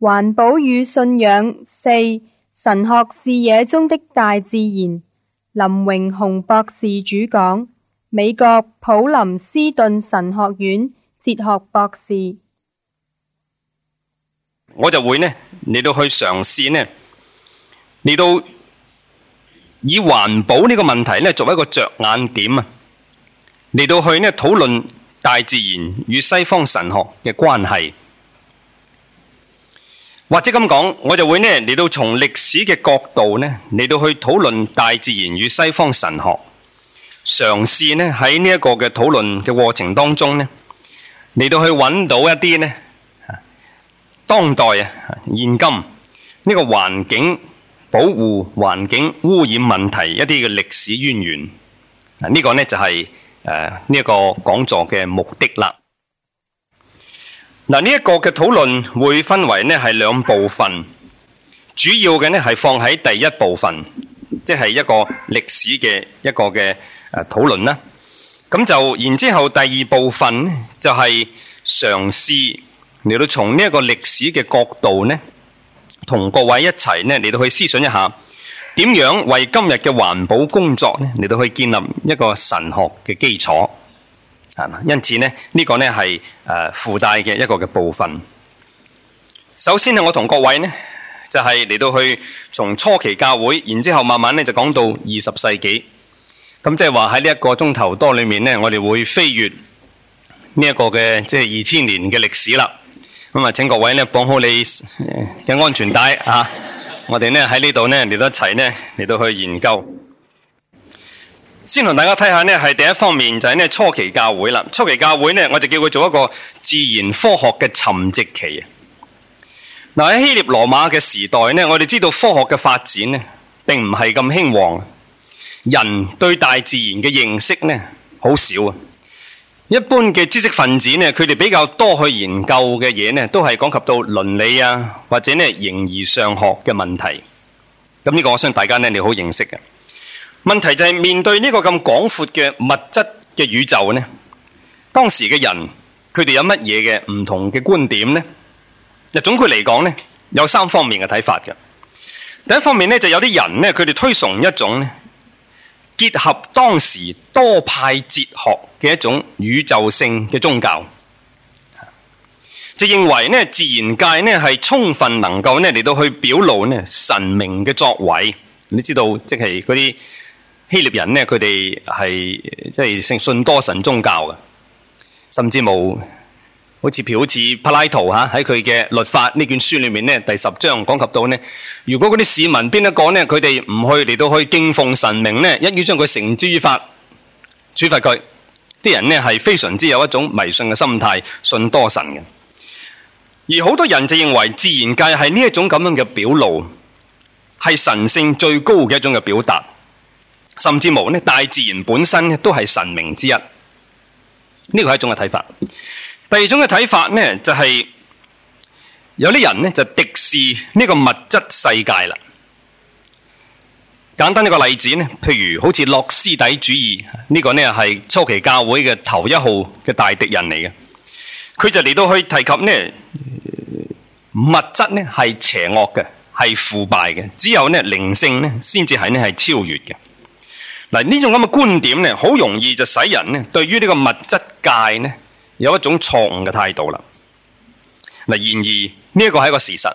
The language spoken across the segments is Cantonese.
環保與信仰四，神學視野中的大自然，林榮洪博士主講，美國普林斯頓神學院哲學博士。我就會呢，嚟到去嘗試呢，嚟到以環保呢個問題呢，作為一個着眼點啊，嚟到去呢討論大自然與西方神學嘅關係。或者咁講，我就會呢嚟到從歷史嘅角度呢嚟到去討論大自然與西方神學，嘗試呢喺呢一個嘅討論嘅過程當中呢嚟到去揾到一啲呢當代啊現今呢個環境保護環境污染問題一啲嘅歷史淵源，呢個呢就係呢一個講座嘅目的啦。嗱，呢一個嘅討論會分為呢係兩部分，主要嘅呢係放喺第一部分，即係一個歷史嘅一個嘅誒討論啦。咁就然之後第二部分就係嘗試嚟到從呢一個歷史嘅角度呢，同各位一齊呢嚟到去思想一下，點樣為今日嘅環保工作呢嚟到去建立一個神學嘅基礎。因此呢呢、呢個呢係誒附帶嘅一個嘅部分。首先呢我同各位呢就係、是、嚟到去從初期教會，然之後慢慢呢就講到二十世紀。咁即係話喺呢一個鐘頭多裏面呢，我哋會飛越呢一個嘅即係二千年嘅歷史啦。咁啊，請各位呢綁好你嘅安全帶 啊！我哋呢喺呢度呢，嚟到一齊呢，嚟到去研究。先同大家睇下呢，係第一方面就係呢初期教會啦。初期教會呢，我就叫佢做一個自然科學嘅沉寂期啊。嗱，喺希臘羅馬嘅時代呢，我哋知道科學嘅發展呢，並唔係咁興旺。人對大自然嘅認識呢，好少啊。一般嘅知識分子呢，佢哋比較多去研究嘅嘢呢，都係講及到倫理啊，或者呢形而上學嘅問題。咁呢個，我相信大家呢，你好認識嘅。問題就係面對呢個咁廣闊嘅物質嘅宇宙呢？當時嘅人，佢哋有乜嘢嘅唔同嘅觀點呢？嗱，總括嚟講呢，有三方面嘅睇法嘅。第一方面呢，就有啲人呢，佢哋推崇一種呢，結合當時多派哲學嘅一種宇宙性嘅宗教，就認為呢，自然界呢係充分能夠呢嚟到去表露呢，神明嘅作為。你知道，即係嗰啲。希臘人呢，佢哋係即係信信多神宗教嘅，甚至冇好似譬如柏拉圖吓，喺佢嘅律法呢卷書裏面呢，第十章講及到呢：如果嗰啲市民邊一個呢，佢哋唔去嚟到去敬奉神明呢，一要將佢繩之於法，處罰佢。啲人呢係非常之有一種迷信嘅心態，信多神嘅。而好多人就認為自然界係呢一種咁樣嘅表露，係神性最高嘅一種嘅表達。甚至冇咧，大自然本身都係神明之一。呢個係一種嘅睇法。第二種嘅睇法呢，就係，些就係有啲人呢，就敵視呢個物質世界啦。簡單一個例子咧，譬如好似洛斯底主義呢，這個呢係初期教會嘅頭一號嘅大敵人嚟嘅。佢就嚟到去提及呢，物質呢係邪惡嘅，係腐敗嘅。只有呢，靈性呢先至係咧係超越嘅。嗱，呢種咁嘅觀點咧，好容易就使人咧，對於呢個物質界呢，有一種錯誤嘅態度啦。嗱，然而呢一個係一個事實，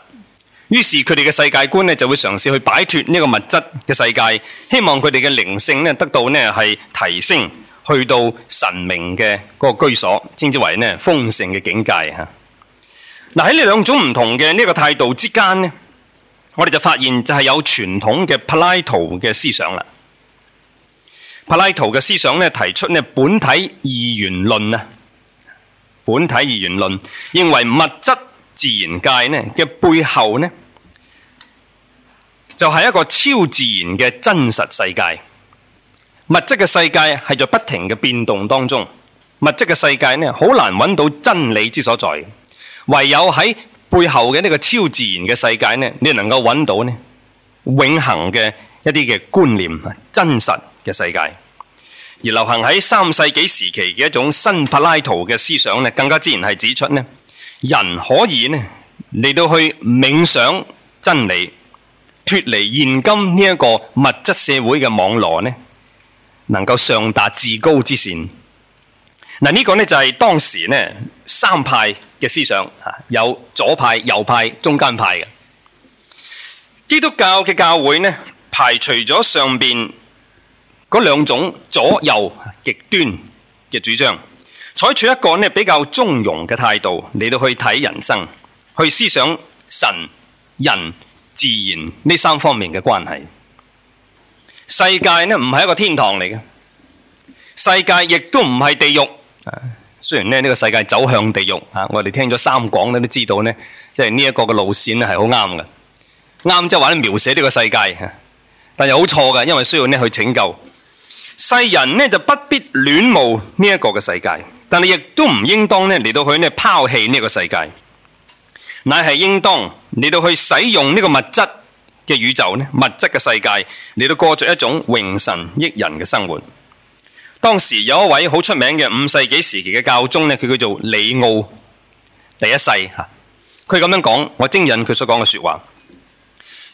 於是佢哋嘅世界觀呢就會嘗試去擺脫呢個物質嘅世界，希望佢哋嘅靈性呢得到呢係提升，去到神明嘅個居所，稱之為呢豐盛嘅境界吓。嗱，喺呢兩種唔同嘅呢個態度之間呢，我哋就發現就係有傳統嘅柏拉圖嘅思想啦。柏拉圖嘅思想咧提出，咧本體二元論啊，本體二元論認為物質自然界咧嘅背後咧就係一個超自然嘅真實世界。物質嘅世界係在不停嘅變動當中，物質嘅世界咧好難揾到真理之所在，唯有喺背後嘅呢個超自然嘅世界咧，你能夠揾到咧永恆嘅一啲嘅觀念，真實嘅世界，而流行喺三世紀時期嘅一種新柏拉圖嘅思想呢，更加自然係指出呢，人可以呢嚟到去冥想真理，脫離現今呢一個物質社會嘅網羅呢，能夠上達至高之善。嗱，呢個呢就係當時呢三派嘅思想，有左派、右派、中間派嘅。基督教嘅教會呢，排除咗上面。嗰兩種左右極端嘅主張，採取一個呢，比較中庸嘅態度嚟到去睇人生，去思想神人自然呢三方面嘅關係。世界呢唔係一個天堂嚟嘅，世界亦都唔係地獄。雖然呢呢個世界走向地獄啊，我哋聽咗三講咧都知道呢，即係呢一個嘅路線係好啱嘅，啱即係話你描寫呢個世界，但係好錯嘅，因為需要呢去拯救。世人呢就不必戀慕呢一個嘅世界，但係亦都唔應當呢嚟到去呢拋棄呢個世界，乃係應當嚟到去使用呢個物質嘅宇宙呢，物質嘅世界嚟到過着一種榮神益人嘅生活。當時有一位好出名嘅五世紀時期嘅教宗呢，佢叫做李奧第一世吓，佢咁樣講，我精引佢所講嘅說話。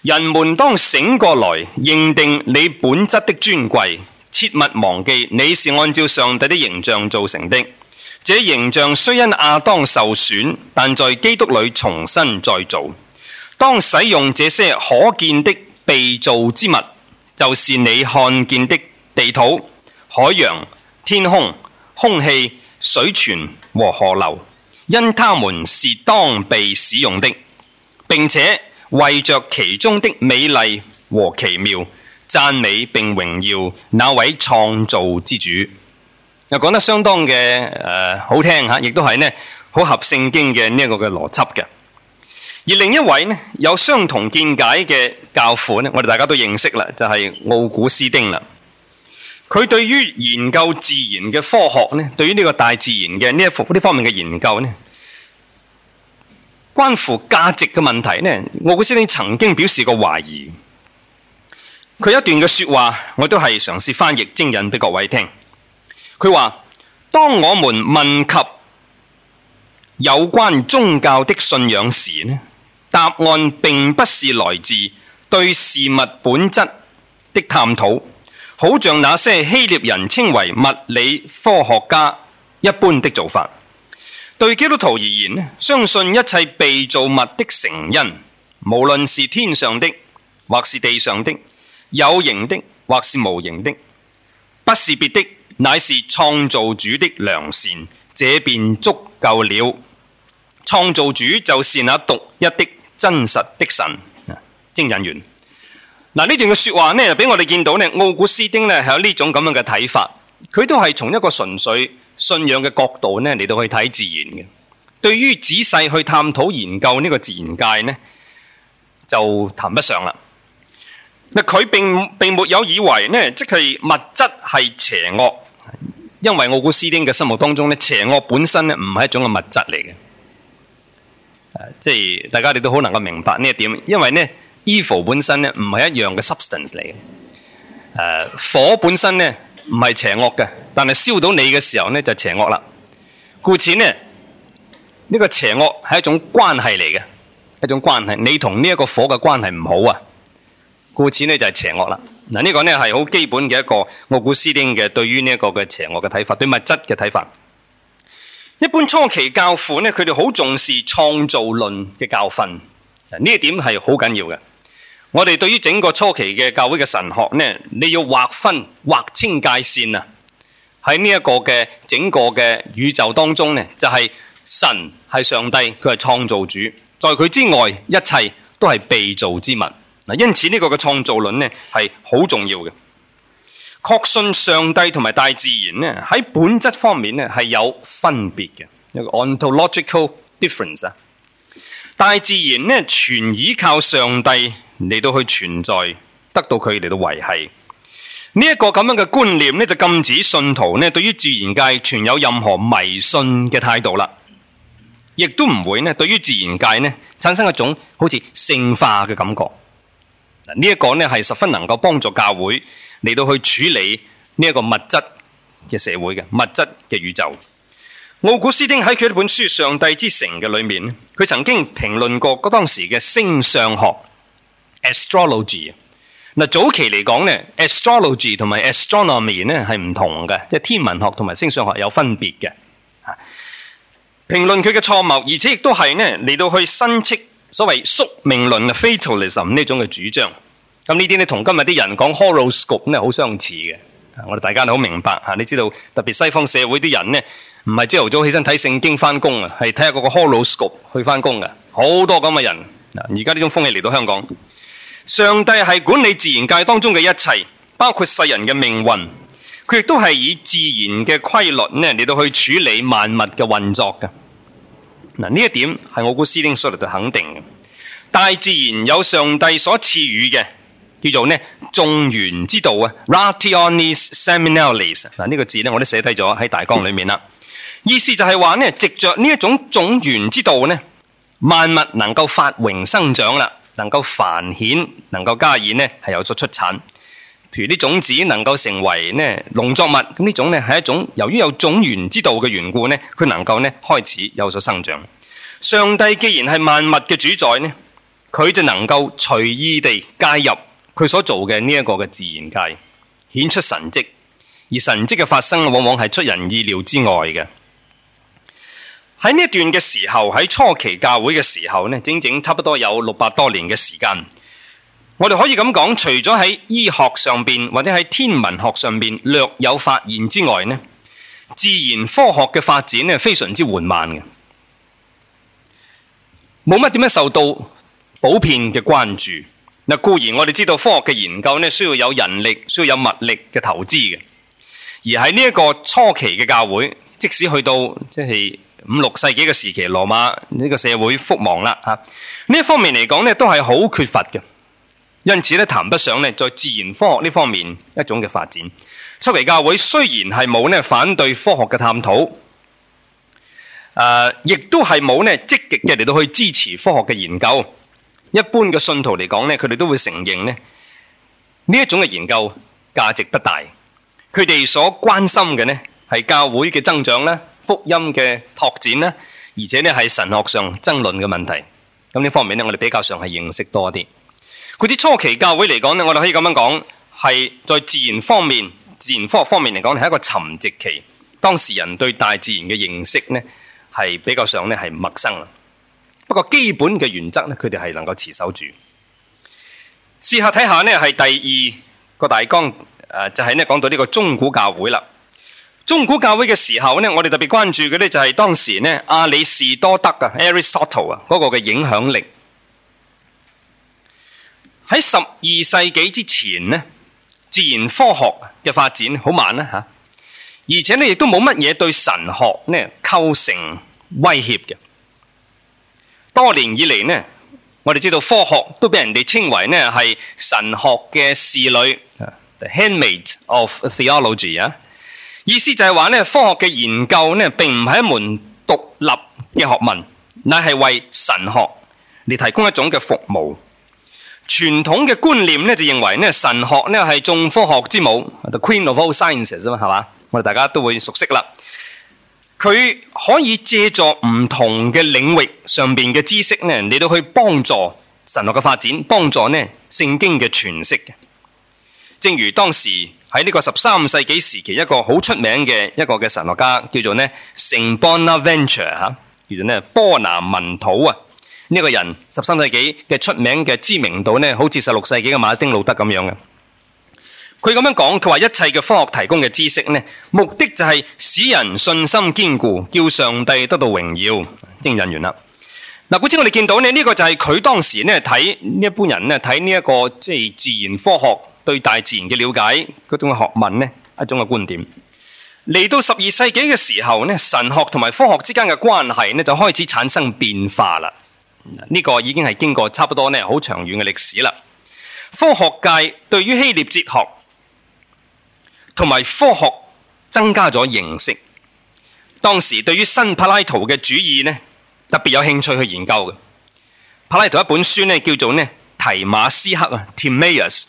人們當醒過來，認定你本質的尊貴。切勿忘記，你是按照上帝的形象造成的。這形象雖因亞當受損，但在基督裏重新再造。當使用這些可見的被造之物，就是你看見的地土、海洋、天空、空氣、水泉和河流，因他們是當被使用的，並且為着其中的美麗和奇妙。讚美並榮耀那位創造之主，又講得相當嘅誒、呃、好聽吓、啊，亦都係呢好合聖經嘅呢一個嘅邏輯嘅。而另一位呢有相同見解嘅教父呢，我哋大家都認識啦，就係、是、奧古斯丁啦。佢對於研究自然嘅科學呢，對於呢個大自然嘅呢一幅呢方面嘅研究呢，關乎價值嘅問題呢，奧古斯丁曾經表示過懷疑。佢一段嘅說話，我都係嘗試翻譯精引俾各位聽。佢話：當我們問及有關宗教的信仰時呢，答案並不是來自對事物本質的探討，好像那些希臘人稱為物理科學家一般的做法。對基督徒而言，相信一切被造物的成因，無論是天上的或是地上的。有形的或是無形的，不是別的，乃是創造主的良善，這便足夠了。創造主就是那獨一的真實的神。精引員，嗱呢段嘅說話呢，俾我哋見到呢，奧古斯丁呢係有呢種咁樣嘅睇法，佢都係從一個純粹信仰嘅角度呢嚟到去睇自然嘅。對於仔細去探討研究呢個自然界呢，就談不上啦。佢並並沒有以為咧，即係物質係邪惡，因為奧古斯丁嘅心目當中咧，邪惡本身咧唔係一種嘅物質嚟嘅，即係大家你都好能夠明白呢一點，因為呢 evil 本身咧唔係一樣嘅 substance 嚟嘅，誒，火本身呢唔係邪惡嘅，但係燒到你嘅時候呢就邪惡啦，故此呢，呢個邪惡係一種關係嚟嘅，一種關係，你同呢一個火嘅關係唔好啊。故此咧就係、是、邪惡啦。嗱、這個、呢個咧係好基本嘅一個奧古斯丁嘅對於呢一個嘅邪惡嘅睇法，對物質嘅睇法。一般初期教父咧，佢哋好重視創造論嘅教訓。嗱呢一點係好緊要嘅。我哋對於整個初期嘅教會嘅神學咧，你要劃分劃清界線啊。喺呢一個嘅整個嘅宇宙當中咧，就係、是、神係上帝，佢係創造主，在佢之外，一切都係被造之物。因此呢個嘅創造論咧係好重要嘅，確信上帝同埋大自然咧喺本質方面咧係有分別嘅一個 ontological difference 啊。大自然咧全依靠上帝嚟到去存在，得到佢嚟到維繫。呢一個咁樣嘅觀念咧就禁止信徒咧對於自然界存有任何迷信嘅態度啦，亦都唔會咧對於自然界咧產生一種好似聖化嘅感覺。呢一個呢，係十分能夠幫助教會嚟到去處理呢一個物質嘅社會嘅物質嘅宇宙。奧古斯丁喺佢一本書《上帝之城》嘅裏面，佢曾經評論過當時嘅星相學 （astrology）。嗱 Ast，早期嚟講呢 a s t r o l o g y 同埋 astronomy 呢係唔同嘅，即係天文學同埋星相學有分別嘅。評論佢嘅錯謬，而且亦都係呢嚟到去新斥，所謂宿命論啊，fatalism 呢種嘅主張，咁呢啲咧同今日啲人講 horoscope 咧好相似嘅，我哋大家都好明白吓，你知道特別西方社會啲人咧，唔係朝頭早起身睇聖經翻工啊，係睇下個 horoscope 去翻工嘅，好多咁嘅人。而家呢種風氣嚟到香港，上帝係管理自然界當中嘅一切，包括世人嘅命運，佢亦都係以自然嘅規律咧嚟到去處理萬物嘅運作嘅。嗱，呢一點係我估司丁所嚟到肯定嘅。大自然有上帝所賜予嘅，叫做呢種源之道啊。rationis seminalis 嗱，呢個字呢，我都寫低咗喺大綱裏面啦。嗯、意思就係話呢，藉着呢一種種源之道呢，萬物能夠發榮生長啦，能夠繁衍，能夠加染呢，係有所出產。譬如啲種子能夠成為呢農作物，咁呢種呢係一種由於有種源之道嘅緣故呢，佢能夠呢開始有所生長。上帝既然係萬物嘅主宰呢，佢就能夠隨意地介入佢所做嘅呢一個嘅自然界，顯出神跡。而神跡嘅發生，往往係出人意料之外嘅。喺呢一段嘅時候，喺初期教會嘅時候呢，整整差不多有六百多年嘅時間。我哋可以咁講，除咗喺醫學上邊或者喺天文學上邊略有發現之外呢，自然科學嘅發展呢，非常之緩慢嘅，冇乜點樣受到普遍嘅關注。嗱，固然我哋知道科學嘅研究呢，需要有人力，需要有物力嘅投資嘅，而喺呢一個初期嘅教會，即使去到即係五六世紀嘅時期，羅馬呢個社會覆亡啦，吓，呢一方面嚟講呢都係好缺乏嘅。因此咧，談不上咧，在自然科學呢方面一種嘅發展。初期教會雖然係冇呢反對科學嘅探討，誒、呃，亦都係冇呢積極嘅嚟到去支持科學嘅研究。一般嘅信徒嚟講呢，佢哋都會承認咧呢一種嘅研究價值不大。佢哋所關心嘅呢係教會嘅增長咧、福音嘅拓展咧，而且呢係神學上爭論嘅問題。咁呢方面呢，我哋比較上係認識多啲。佢啲初期教會嚟講呢，我哋可以咁樣講，係在自然方面、自然科學方面嚟講，係一個沉寂期。當時人對大自然嘅認識呢，係比較上呢係陌生啦。不過基本嘅原則呢，佢哋係能夠持守住。試下睇下呢，係第二個大綱，誒，就係呢講到呢個中古教會啦。中古教會嘅時候呢，我哋特別關注嘅呢，就係當時呢阿里士多德啊，Aristotle 啊，嗰個嘅影響力。喺十二世紀之前呢，自然科學嘅發展好慢啦吓，而且你亦都冇乜嘢對神學呢構成威脅嘅。多年以嚟呢，我哋知道科學都俾人哋稱為呢係神學嘅侍女，handmaid of theology 啊。意思就係話呢，科學嘅研究呢，並唔係一門獨立嘅學問，乃係為神學嚟提供一種嘅服務。傳統嘅觀念呢，就認為呢神學呢係眾科學之母，The Queen of All Sciences 啊嘛，係嘛，我哋大家都會熟悉啦。佢可以借助唔同嘅領域上邊嘅知識呢，嚟到去幫助神學嘅發展，幫助呢聖經嘅詮釋嘅。正如當時喺呢個十三世紀時期，一個好出名嘅一個嘅神學家叫做呢聖 Bonaventure 叫做呢波南文土啊。呢個人十三世紀嘅出名嘅知名度呢，好似十六世紀嘅馬丁路德咁樣嘅。佢咁樣講，佢話一切嘅科學提供嘅知識呢，目的就係使人信心堅固，叫上帝得到榮耀。經引完啦。嗱，故此我哋見到呢，呢個就係佢當時呢睇呢一般人呢，睇呢一個即係自然科學對大自然嘅了解嗰種學問呢，一種嘅觀點。嚟到十二世紀嘅時候呢，神學同埋科學之間嘅關係呢，就開始產生變化啦。呢個已經係經過差不多咧好長遠嘅歷史啦。科學界對於希臘哲學同埋科學增加咗認識。當時對於新柏拉圖嘅主義咧，特別有興趣去研究嘅。柏拉圖一本書咧叫做咧提馬斯克啊，Timaeus，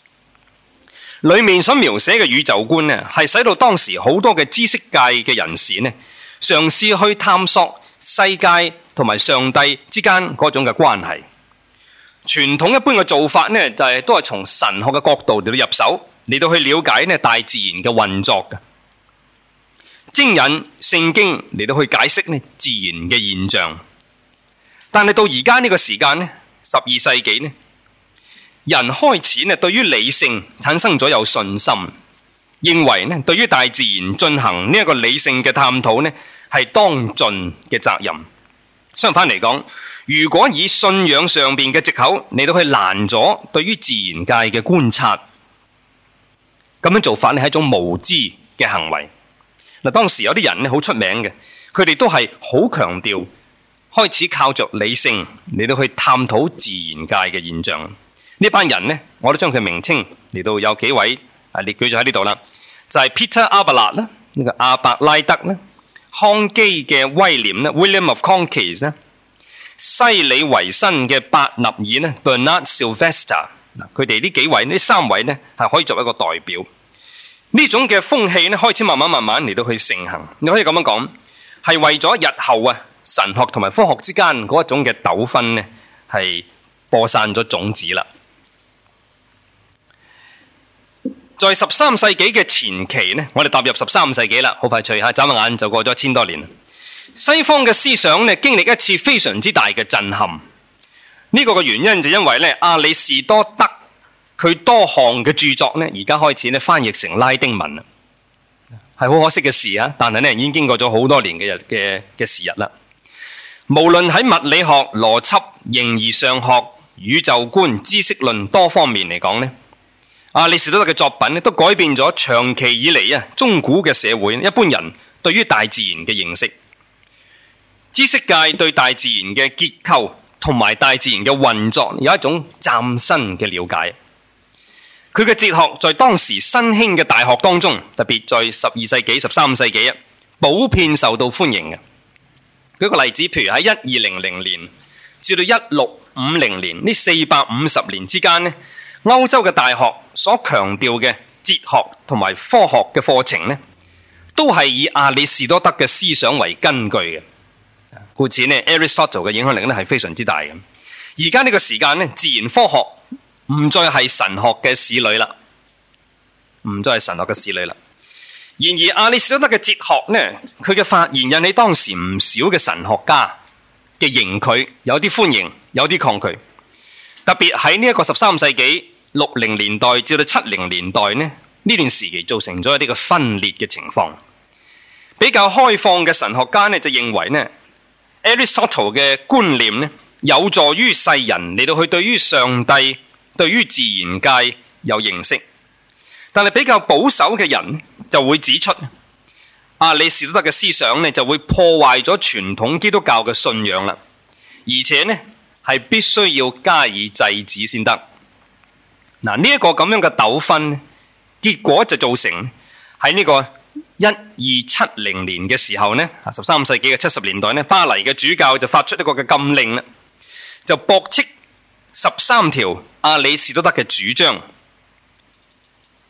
裏面所描寫嘅宇宙觀咧，係使到當時好多嘅知識界嘅人士咧，嘗試去探索世界。同埋上帝之間嗰種嘅關係，傳統一般嘅做法呢，就係都係從神學嘅角度嚟到入手，嚟到去了解呢大自然嘅運作嘅，徵引聖經嚟到去解釋呢自然嘅現象。但係到而家呢個時間呢，十二世紀呢，人開始呢對於理性產生咗有信心，認為呢對於大自然進行呢一個理性嘅探討呢，係當盡嘅責任。相反嚟講，如果以信仰上邊嘅藉口嚟到去攔咗對於自然界嘅觀察，咁樣做法咧係一種無知嘅行為。嗱，當時有啲人咧好出名嘅，佢哋都係好強調，開始靠着理性嚟到去探討自然界嘅現象。呢班人呢，我都將佢名稱嚟到有幾位啊列舉咗喺呢度啦，就係、是、Peter 阿伯拉啦，呢個阿伯拉德咧。康基嘅威廉咧，William of Conques 咧，西里維新嘅伯納爾咧，Bernard Sylvester，嗱，佢哋呢幾位呢三位咧係可以作為一個代表，呢種嘅風氣咧開始慢慢慢慢嚟到去盛行，你可以咁樣講，係為咗日後啊神學同埋科學之間嗰一種嘅糾紛咧係播散咗種子啦。在十三世紀嘅前期咧，我哋踏入十三世紀啦，好快脆吓，眨下眼就過咗千多年。西方嘅思想咧，經歷一次非常之大嘅震撼。呢個嘅原因就因為亞里士多德佢多項嘅著作咧，而家開始咧翻譯成拉丁文啊，係好可惜嘅事啊。但係咧，已經經過咗好多年嘅嘅嘅時日啦。無論喺物理學、邏輯、形而上學、宇宙觀、知識論多方面嚟講咧阿、啊、利士多德嘅作品咧，都改變咗長期以嚟，啊，中古嘅社會一般人對於大自然嘅認識、知識界對大自然嘅結構同埋大自然嘅運作有一種嶄新嘅了解。佢嘅哲學在當時新興嘅大學當中，特別在十二世紀、十三世紀普遍受到歡迎嘅。舉個例子，譬如喺一二零零年至到一六五零年呢四百五十年之間咧，歐洲嘅大學。所強調嘅哲學同埋科學嘅課程呢，都係以亞里士多德嘅思想為根據嘅，故此呢，Aristotle 嘅影響力呢係非常之大嘅。而家呢個時間呢，自然科學唔再係神學嘅使女啦，唔再係神學嘅使女啦。然而，亞里士多德嘅哲學呢，佢嘅發言引起當時唔少嘅神學家嘅迎拒，有啲歡迎，有啲抗拒。特別喺呢一個十三世紀。六零年代至到七零年代呢，呢段時期造成咗一啲嘅分裂嘅情況。比較開放嘅神學家呢就認為呢，Aristotle 嘅觀念呢有助於世人嚟到去對於上帝、對於自然界有認識。但係比較保守嘅人就會指出，亞里士多德嘅思想呢就會破壞咗傳統基督教嘅信仰啦，而且呢係必須要加以制止先得。嗱，呢一個咁樣嘅糾紛，結果就造成喺呢個一二七零年嘅時候呢，啊十三世紀嘅七十年代呢，巴黎嘅主教就發出一個嘅禁令啦，就駁斥十三條阿里士多德嘅主張。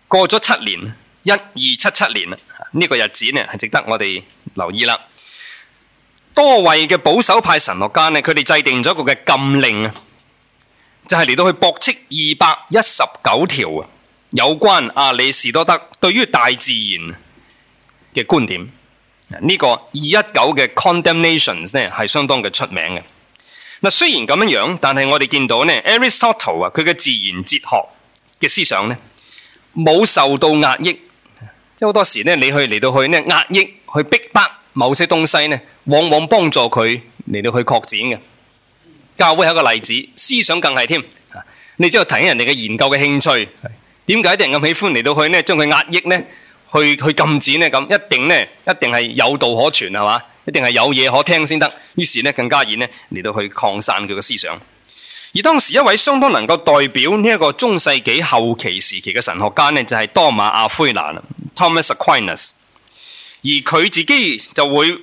過咗七年，一二七七年啦，呢個日子呢係值得我哋留意啦。多位嘅保守派神學家呢，佢哋制定咗一個嘅禁令啊。就係嚟到去駁斥二百一十九條啊，有關阿里士多德對於大自然嘅觀點，呢個二一九嘅 condemnations 呢係相當嘅出名嘅。嗱，雖然咁樣樣，但係我哋見到呢 Aristotle 啊，佢嘅自然哲學嘅思想呢，冇受到壓抑。即係好多時呢，你去嚟到去呢壓抑去逼迫某些東西呢，往往幫助佢嚟到去擴展嘅。教會係一個例子，思想更係添。你只要提起人哋嘅研究嘅興趣，點解啲人咁喜歡嚟到去呢？將佢壓抑呢？去去禁止呢？咁一定呢？一定係有道可傳，係嘛？一定係有嘢，可聽先得。於是呢，更加易呢嚟到他去擴散佢嘅思想。而當時一位相當能夠代表呢一個中世紀後期時期嘅神學家呢，就係、是、多馬阿灰蘭 Thomas Aquinas。Aquinas, 而佢自己就會。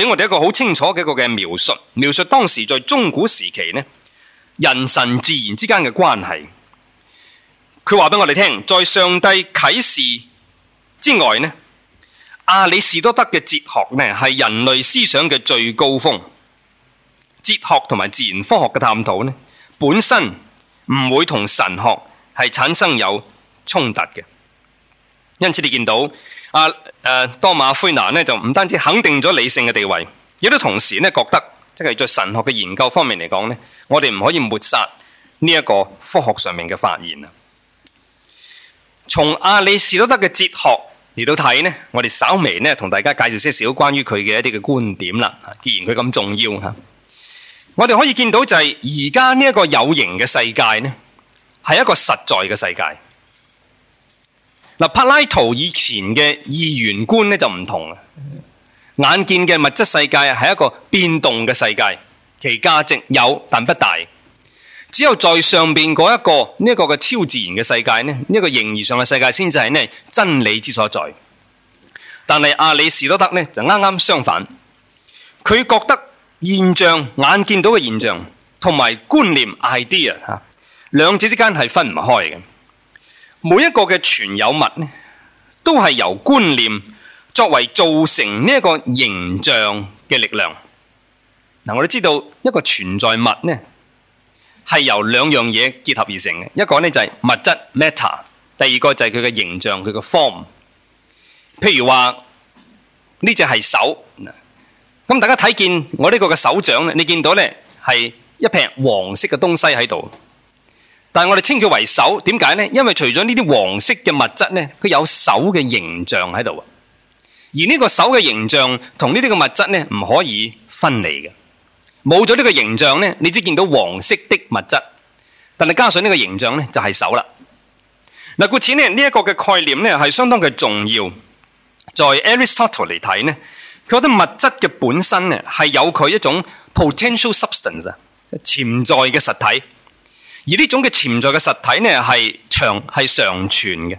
俾我哋一個好清楚嘅一個嘅描述，描述當時在中古時期呢，人神自然之間嘅關係，佢話俾我哋聽，在上帝啟示之外呢，阿里士多德嘅哲學呢係人類思想嘅最高峰，哲學同埋自然科學嘅探討呢，本身唔會同神學係產生有衝突嘅，因此你見到。阿誒、啊啊，多馬阿奎那咧就唔單止肯定咗理性嘅地位，亦都同時咧覺得，即係在神學嘅研究方面嚟講咧，我哋唔可以抹殺呢一個科學上面嘅發現啊。從亞里士多德嘅哲學嚟到睇咧，我哋稍微咧同大家介紹些少關於佢嘅一啲嘅觀點啦。既然佢咁重要吓，我哋可以見到就係而家呢一個有形嘅世界咧，係一個實在嘅世界。嗱，柏拉圖以前嘅二元觀咧就唔同啦。眼見嘅物質世界係一個變動嘅世界，其價值有但不大。只有在上邊嗰一個呢一個嘅超自然嘅世界呢，呢個形而上嘅世界，先至係真理之所在。但係阿里士多德呢，就啱啱相反，佢覺得現象，眼見到嘅現象同埋觀念 idea 吓，兩者之間係分唔開嘅。每一個嘅存有物都係由觀念作為造成呢一個形象嘅力量。嗱，我哋知道一個存在物咧，係由兩樣嘢結合而成嘅。一個呢就係物質 matter，第二個就係佢嘅形象，佢嘅 form。譬如話呢，只係手，咁大家睇見我呢個嘅手掌，你見到呢係一片黃色嘅東西喺度。但係我哋稱佢為手，點解咧？因為除咗呢啲黃色嘅物質咧，佢有手嘅形象喺度啊。而呢個手嘅形象同呢啲嘅物質咧，唔可以分離嘅。冇咗呢個形象咧，你只見到黃色的物質。但係加上呢個形象咧，就係手啦。嗱，故此咧，呢一個嘅概念咧，係相當嘅重要。在 Aristotle 嚟睇咧，佢覺得物質嘅本身咧，係有佢一種 potential substance 啊，潛在嘅實體。而呢種嘅潛在嘅實體呢，係長係常存嘅。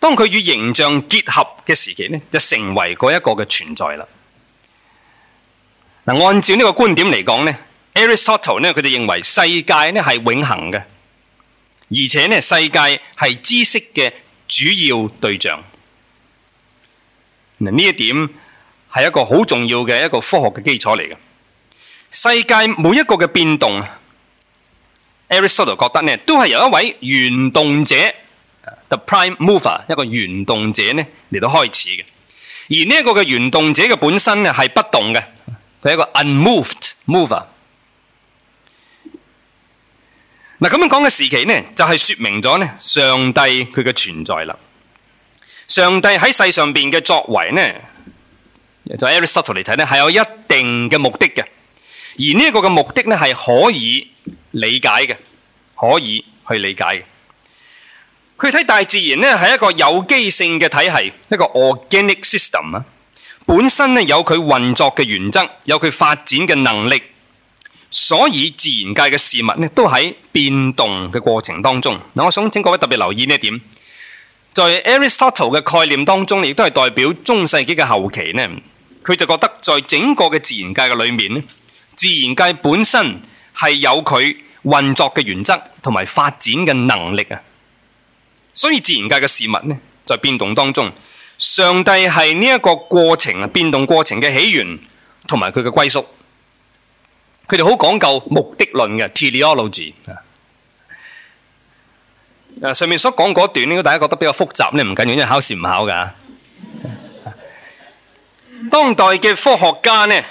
當佢與形象結合嘅時期呢，就成為嗰一個嘅存在啦。嗱，按照呢個觀點嚟講呢 Aristotle 呢，佢哋認為世界呢係永恒嘅，而且呢，世界係知識嘅主要對象。嗱呢一點係一個好重要嘅一個科學嘅基礎嚟嘅。世界每一個嘅變動。Aristotle 覺得呢都係由一位原動者，the prime mover，一個原動者呢嚟到開始嘅。而呢一個嘅原動者嘅本身呢係不動嘅，佢係一個 unmoved mover。嗱、啊、咁樣講嘅時期呢，就係、是、說明咗呢上帝佢嘅存在啦。上帝喺世上邊嘅作為呢，就 Aristotle 嚟睇呢，係有一定嘅目的嘅。而呢一個嘅目的呢，係可以。理解嘅，可以去理解嘅。佢睇大自然咧，係一個有機性嘅體系，一個 organic system 啊。本身咧有佢運作嘅原則，有佢發展嘅能力。所以自然界嘅事物咧，都喺變動嘅過程當中。嗱，我想請各位特別留意呢一點。在 Aristotle 嘅概念當中，亦都係代表中世紀嘅後期咧，佢就覺得在整個嘅自然界嘅裏面咧，自然界本身係有佢。運作嘅原則同埋發展嘅能力啊，所以自然界嘅事物呢，在、就是、變動當中，上帝係呢一個過程啊，變動過程嘅起源同埋佢嘅歸宿，佢哋好講究目的論嘅 teleology 啊。上面所講嗰段，應該大家覺得比較複雜，你唔緊要，因為考試唔考噶。當代嘅科學家呢，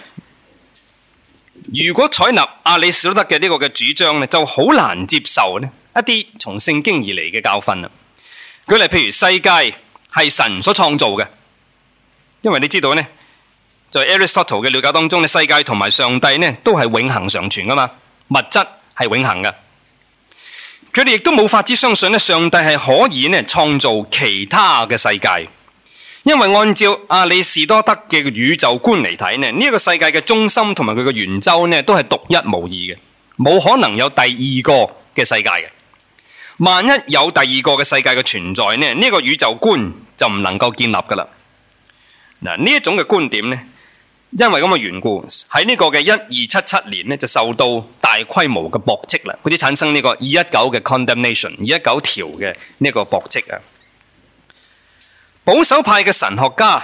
如果採納亞里士多德嘅呢個嘅主張咧，就好難接受呢一啲從聖經而嚟嘅教訓啦。舉例譬如世界係神所創造嘅，因為你知道呢，在 Aristotle 嘅了解當中呢，世界同埋上帝呢都係永恒常存噶嘛，物質係永恒嘅。佢哋亦都冇法子相信呢，上帝係可以呢創造其他嘅世界。因為按照阿里士多德嘅宇宙觀嚟睇呢，呢、呢個世界嘅中心同埋佢嘅圓周呢，都係獨一無二嘅，冇可能有第二個嘅世界嘅。萬一有第二個嘅世界嘅存在呢，呢、呢個宇宙觀就唔能夠建立噶啦。嗱，呢一種嘅觀點呢，因為咁嘅緣故，喺呢個嘅一二七七年呢，就受到大規模嘅駁斥啦，佢哋產生呢個二一九嘅 condemnation，二一九條嘅呢個駁斥啊。保守派嘅神學家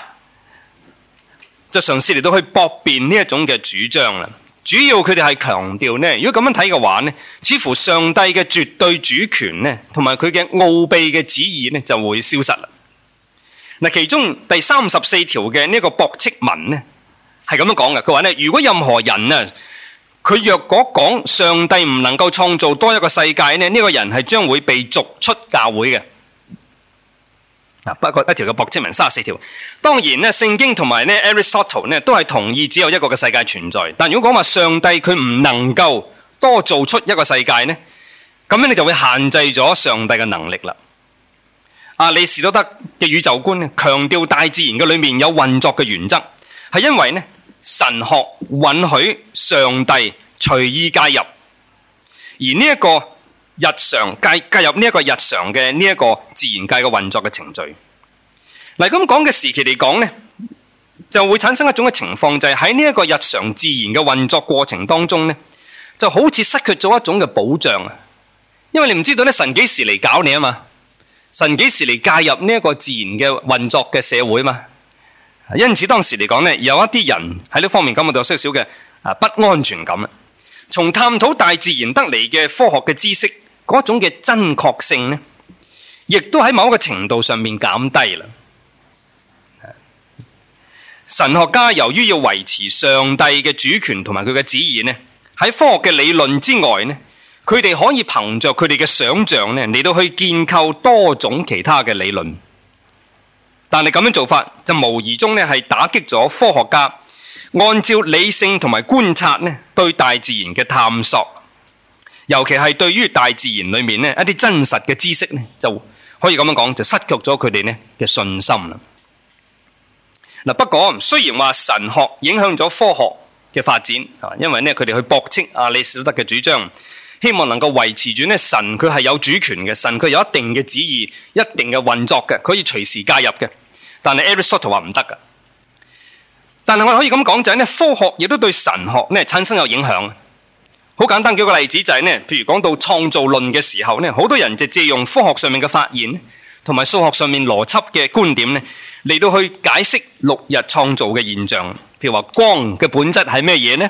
就嘗試嚟到去駁辯呢一種嘅主張啦。主要佢哋係強調呢，如果咁樣睇嘅話呢，似乎上帝嘅絕對主權呢，同埋佢嘅奧秘嘅旨意呢，就會消失啦。嗱，其中第三十四條嘅呢個駁斥文呢，係咁樣講嘅。佢話呢，如果任何人啊，佢若果講上帝唔能夠創造多一個世界呢，呢、呢個人係將會被逐出教會嘅。嗱，包括一條嘅博芝文三十四條，當然咧，聖經同埋咧 Aristotle 咧都係同意只有一個嘅世界存在。但如果講話上帝佢唔能夠多做出一個世界呢？咁樣你就會限制咗上帝嘅能力啦。阿里士多德嘅宇宙觀強調大自然嘅裏面有運作嘅原則，係因為呢神學允許上帝隨意介入，而呢、這、一個。日常介介入呢一個日常嘅呢一個自然界嘅運作嘅程序，嗱咁講嘅時期嚟講呢，就會產生一種嘅情況，就係喺呢一個日常自然嘅運作過程當中呢，就好似失去咗一種嘅保障啊，因為你唔知道呢神幾時嚟搞你啊嘛，神幾時嚟介入呢一個自然嘅運作嘅社會啊嘛，因此當時嚟講呢，有一啲人喺呢方面感覺到有少少嘅不安全感從探討大自然得嚟嘅科學嘅知識，嗰種嘅真確性呢，亦都喺某一個程度上面減低啦。神學家由於要維持上帝嘅主權同埋佢嘅旨意呢，喺科學嘅理論之外呢，佢哋可以憑着佢哋嘅想象呢嚟到去建構多種其他嘅理論。但係咁樣做法就無疑中呢係打擊咗科學家。按照理性同埋觀察咧，對大自然嘅探索，尤其係對於大自然裏面咧一啲真實嘅知識咧，就可以咁樣講，就失去咗佢哋咧嘅信心啦。嗱，不過雖然話神學影響咗科學嘅發展啊，因為咧佢哋去駁斥亞里士多德嘅主張，希望能夠維持住咧神佢係有主權嘅，神佢有一定嘅旨意、一定嘅運作嘅，可以隨時介入嘅。但係 Aristotle 話唔得噶。但係我可以咁講就係咧，科學亦都對神學咧產生有影響。好簡單，舉個例子就係咧，譬如講到創造論嘅時候咧，好多人就借用科學上面嘅發現，同埋數學上面邏輯嘅觀點咧，嚟到去解釋六日創造嘅現象，譬如話光嘅本質係咩嘢呢？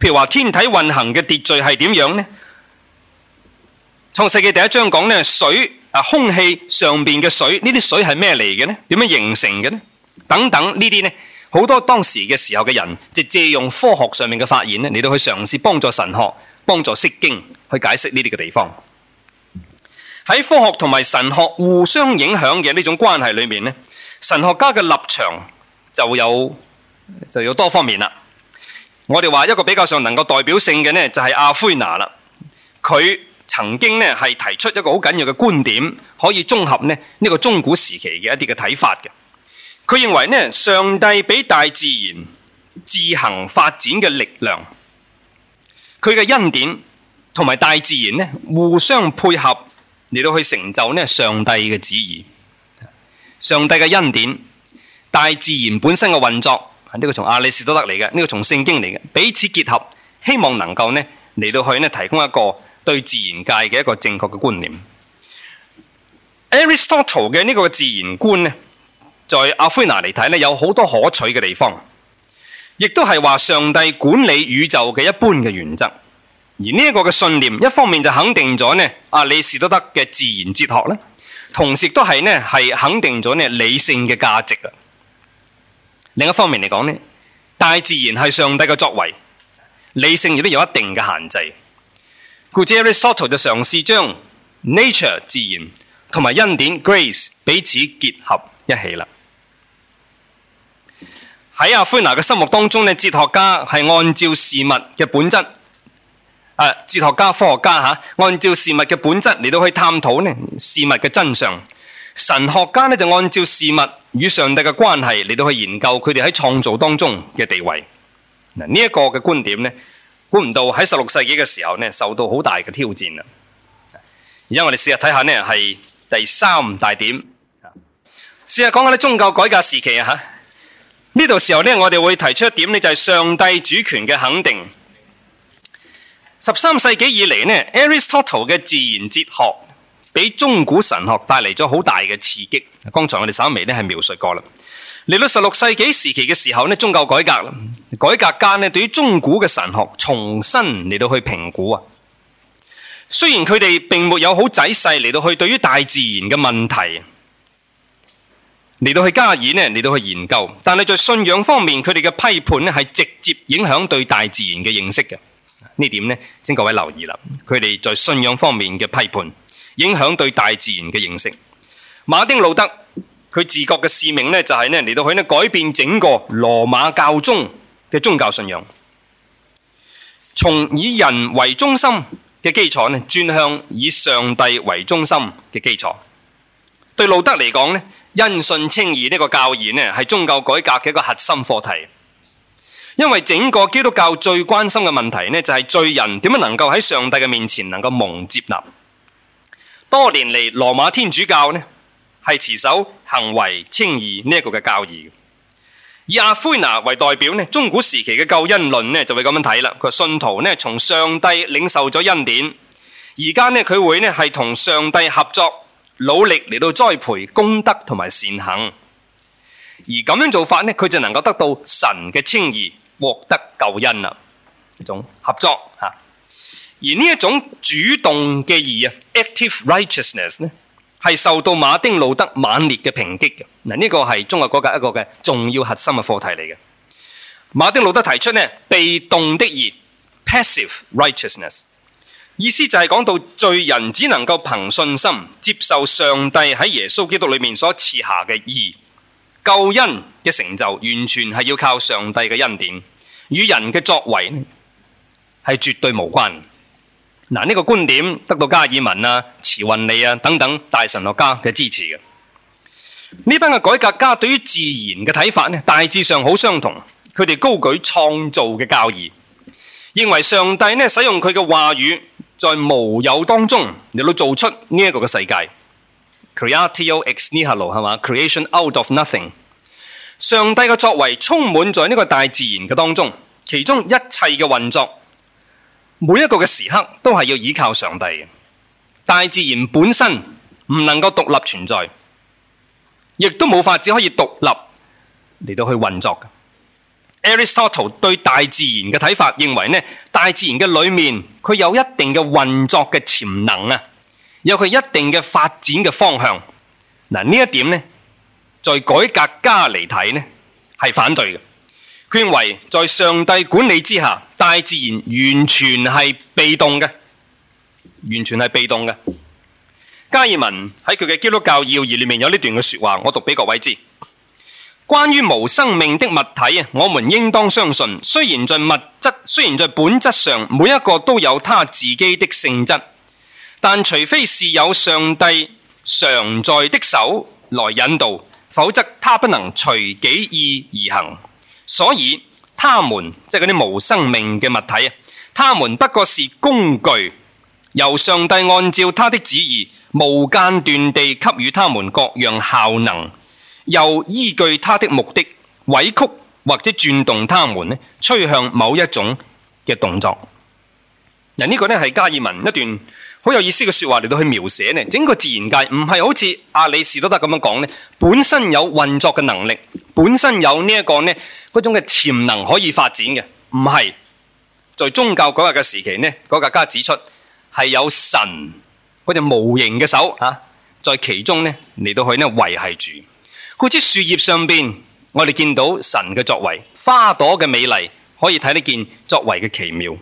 譬如話天體運行嘅秩序係點樣呢？創世紀第一章講咧，水啊，空氣上邊嘅水，呢啲水係咩嚟嘅呢？點樣形成嘅呢？等等呢啲呢？好多當時嘅時候嘅人，就借用科學上面嘅發現呢，嚟到去嘗試幫助神學、幫助釋經，去解釋呢啲嘅地方。喺科學同埋神學互相影響嘅呢種關係裏面呢，神學家嘅立場就有就有多方面啦。我哋話一個比較上能夠代表性嘅呢，就係阿奎納啦。佢曾經呢，係提出一個好緊要嘅觀點，可以綜合咧呢個中古時期嘅一啲嘅睇法嘅。佢認為呢，上帝俾大自然自行發展嘅力量，佢嘅恩典同埋大自然呢互相配合，嚟到去成就呢上帝嘅旨意。上帝嘅恩典，大自然本身嘅運作，呢、這個從亞里士多德嚟嘅，呢、這個從聖經嚟嘅，彼此結合，希望能夠呢嚟到去呢提供一個對自然界嘅一個正確嘅觀念。Aristotle 嘅呢個自然觀呢？在阿菲拿嚟睇咧，有好多可取嘅地方，亦都係話上帝管理宇宙嘅一般嘅原則。而呢一個嘅信念，一方面就肯定咗呢阿里士多德嘅自然哲學啦，同時都係呢係肯定咗呢理性嘅價值。另一方面嚟講呢，大自然係上帝嘅作為，理性亦都有一定嘅限制。古杰瑞索特就嘗試將 nature 自然同埋恩典 grace 彼此結合一起啦。喺阿菲娜嘅心目當中咧，哲學家係按照事物嘅本質，啊，哲學家、科學家吓、啊，按照事物嘅本質嚟到去探討呢事物嘅真相。神學家咧就按照事物與上帝嘅關係嚟到去研究佢哋喺創造當中嘅地位。嗱，呢一個嘅觀點呢，估唔到喺十六世紀嘅時候呢受到好大嘅挑戰啦。而家我哋試下睇下呢係第三大點，試下講下啲宗教改革時期啊吓。呢度時候呢，我哋會提出一點呢就係上帝主權嘅肯定。十三世紀以嚟呢 Aristotle 嘅自然哲學俾中古神學帶嚟咗好大嘅刺激。剛才我哋稍微呢係描述過啦。嚟到十六世紀時期嘅時候呢宗教改革啦，改革家呢對於中古嘅神學重新嚟到去評估啊。雖然佢哋並沒有好仔細嚟到去對於大自然嘅問題。嚟到去加以咧，嚟到去研究，但係在信仰方面，佢哋嘅批判咧係直接影響對大自然嘅認識嘅呢點呢，請各位留意啦。佢哋在信仰方面嘅批判，影響對大自然嘅認識。馬丁路德佢自覺嘅使命呢，就係咧嚟到去咧改變整個羅馬教宗嘅宗教信仰，從以人為中心嘅基礎咧轉向以上帝為中心嘅基礎。對路德嚟講咧。因信稱義呢、這個教義呢，係宗教改革嘅一個核心課題。因為整個基督教最關心嘅問題呢，就係罪人點樣能夠喺上帝嘅面前能夠蒙接納。多年嚟，羅馬天主教呢係持守行為稱義呢個嘅教義。以阿奎那為代表呢，中古時期嘅救恩論呢就會咁樣睇啦。佢話，信徒呢從上帝領受咗恩典，而家呢佢會呢係同上帝合作。努力嚟到栽培功德同埋善行，而咁樣做法呢，佢就能夠得到神嘅稱義，獲得救恩啦。一種合作吓，而呢一種主動嘅義啊，active righteousness 呢，係受到馬丁路德猛烈嘅抨擊嘅。嗱，呢個係宗教改革一個嘅重要核心嘅課題嚟嘅。馬丁路德提出呢，被動的義，passive righteousness。Pass 意思就係講到罪人只能夠憑信心接受上帝喺耶穌基督裏面所賜下嘅義，救恩嘅成就完全係要靠上帝嘅恩典，與人嘅作為係絕對無關。嗱，呢個觀點得到加爾文啊、慈運利啊等等大神學家嘅支持嘅。呢班嘅改革家對於自然嘅睇法呢，大致上好相同。佢哋高舉創造嘅教義，認為上帝呢使用佢嘅話語。在無有當中嚟都做出呢一個嘅世界，creatio ex nihilo 係嘛，creation out of nothing。上帝嘅作為充滿在呢個大自然嘅當中，其中一切嘅運作，每一個嘅時刻都係要依靠上帝嘅。大自然本身唔能夠獨立存在，亦都冇法子可以獨立嚟到去運作 Aristotle 對大自然嘅睇法，認為呢大自然嘅裏面佢有一定嘅運作嘅潛能啊，有佢一定嘅發展嘅方向。嗱呢一點呢，在改革家嚟睇呢，係反對嘅。佢認為在上帝管理之下，大自然完全係被動嘅，完全係被動嘅。加爾文喺佢嘅基督教要義裏面有呢段嘅說話，我讀俾各位知。關於無生命的物體啊，我們應當相信，雖然在物質，雖然在本質上每一個都有它自己的性質，但除非是有上帝常在的手來引導，否則它不能隨己意而行。所以，他們即係嗰啲無生命嘅物體啊，他們不過是工具，由上帝按照他的旨意無間斷地給予他們各樣效能。又依據他的目的，委曲或者轉動他們咧，吹向某一種嘅動作。嗱，呢個呢係加爾文一段好有意思嘅說話嚟到去描寫呢，整個自然界唔係好似阿里士多德咁樣講呢，本身有運作嘅能力，本身有呢一個呢嗰種嘅潛能可以發展嘅，唔係在宗教改革嘅時期呢，格格加指出係有神嗰隻無形嘅手啊，在其中呢嚟到去咧維繫住。好似樹葉上邊，我哋見到神嘅作為，花朵嘅美麗可以睇得見作為嘅奇妙。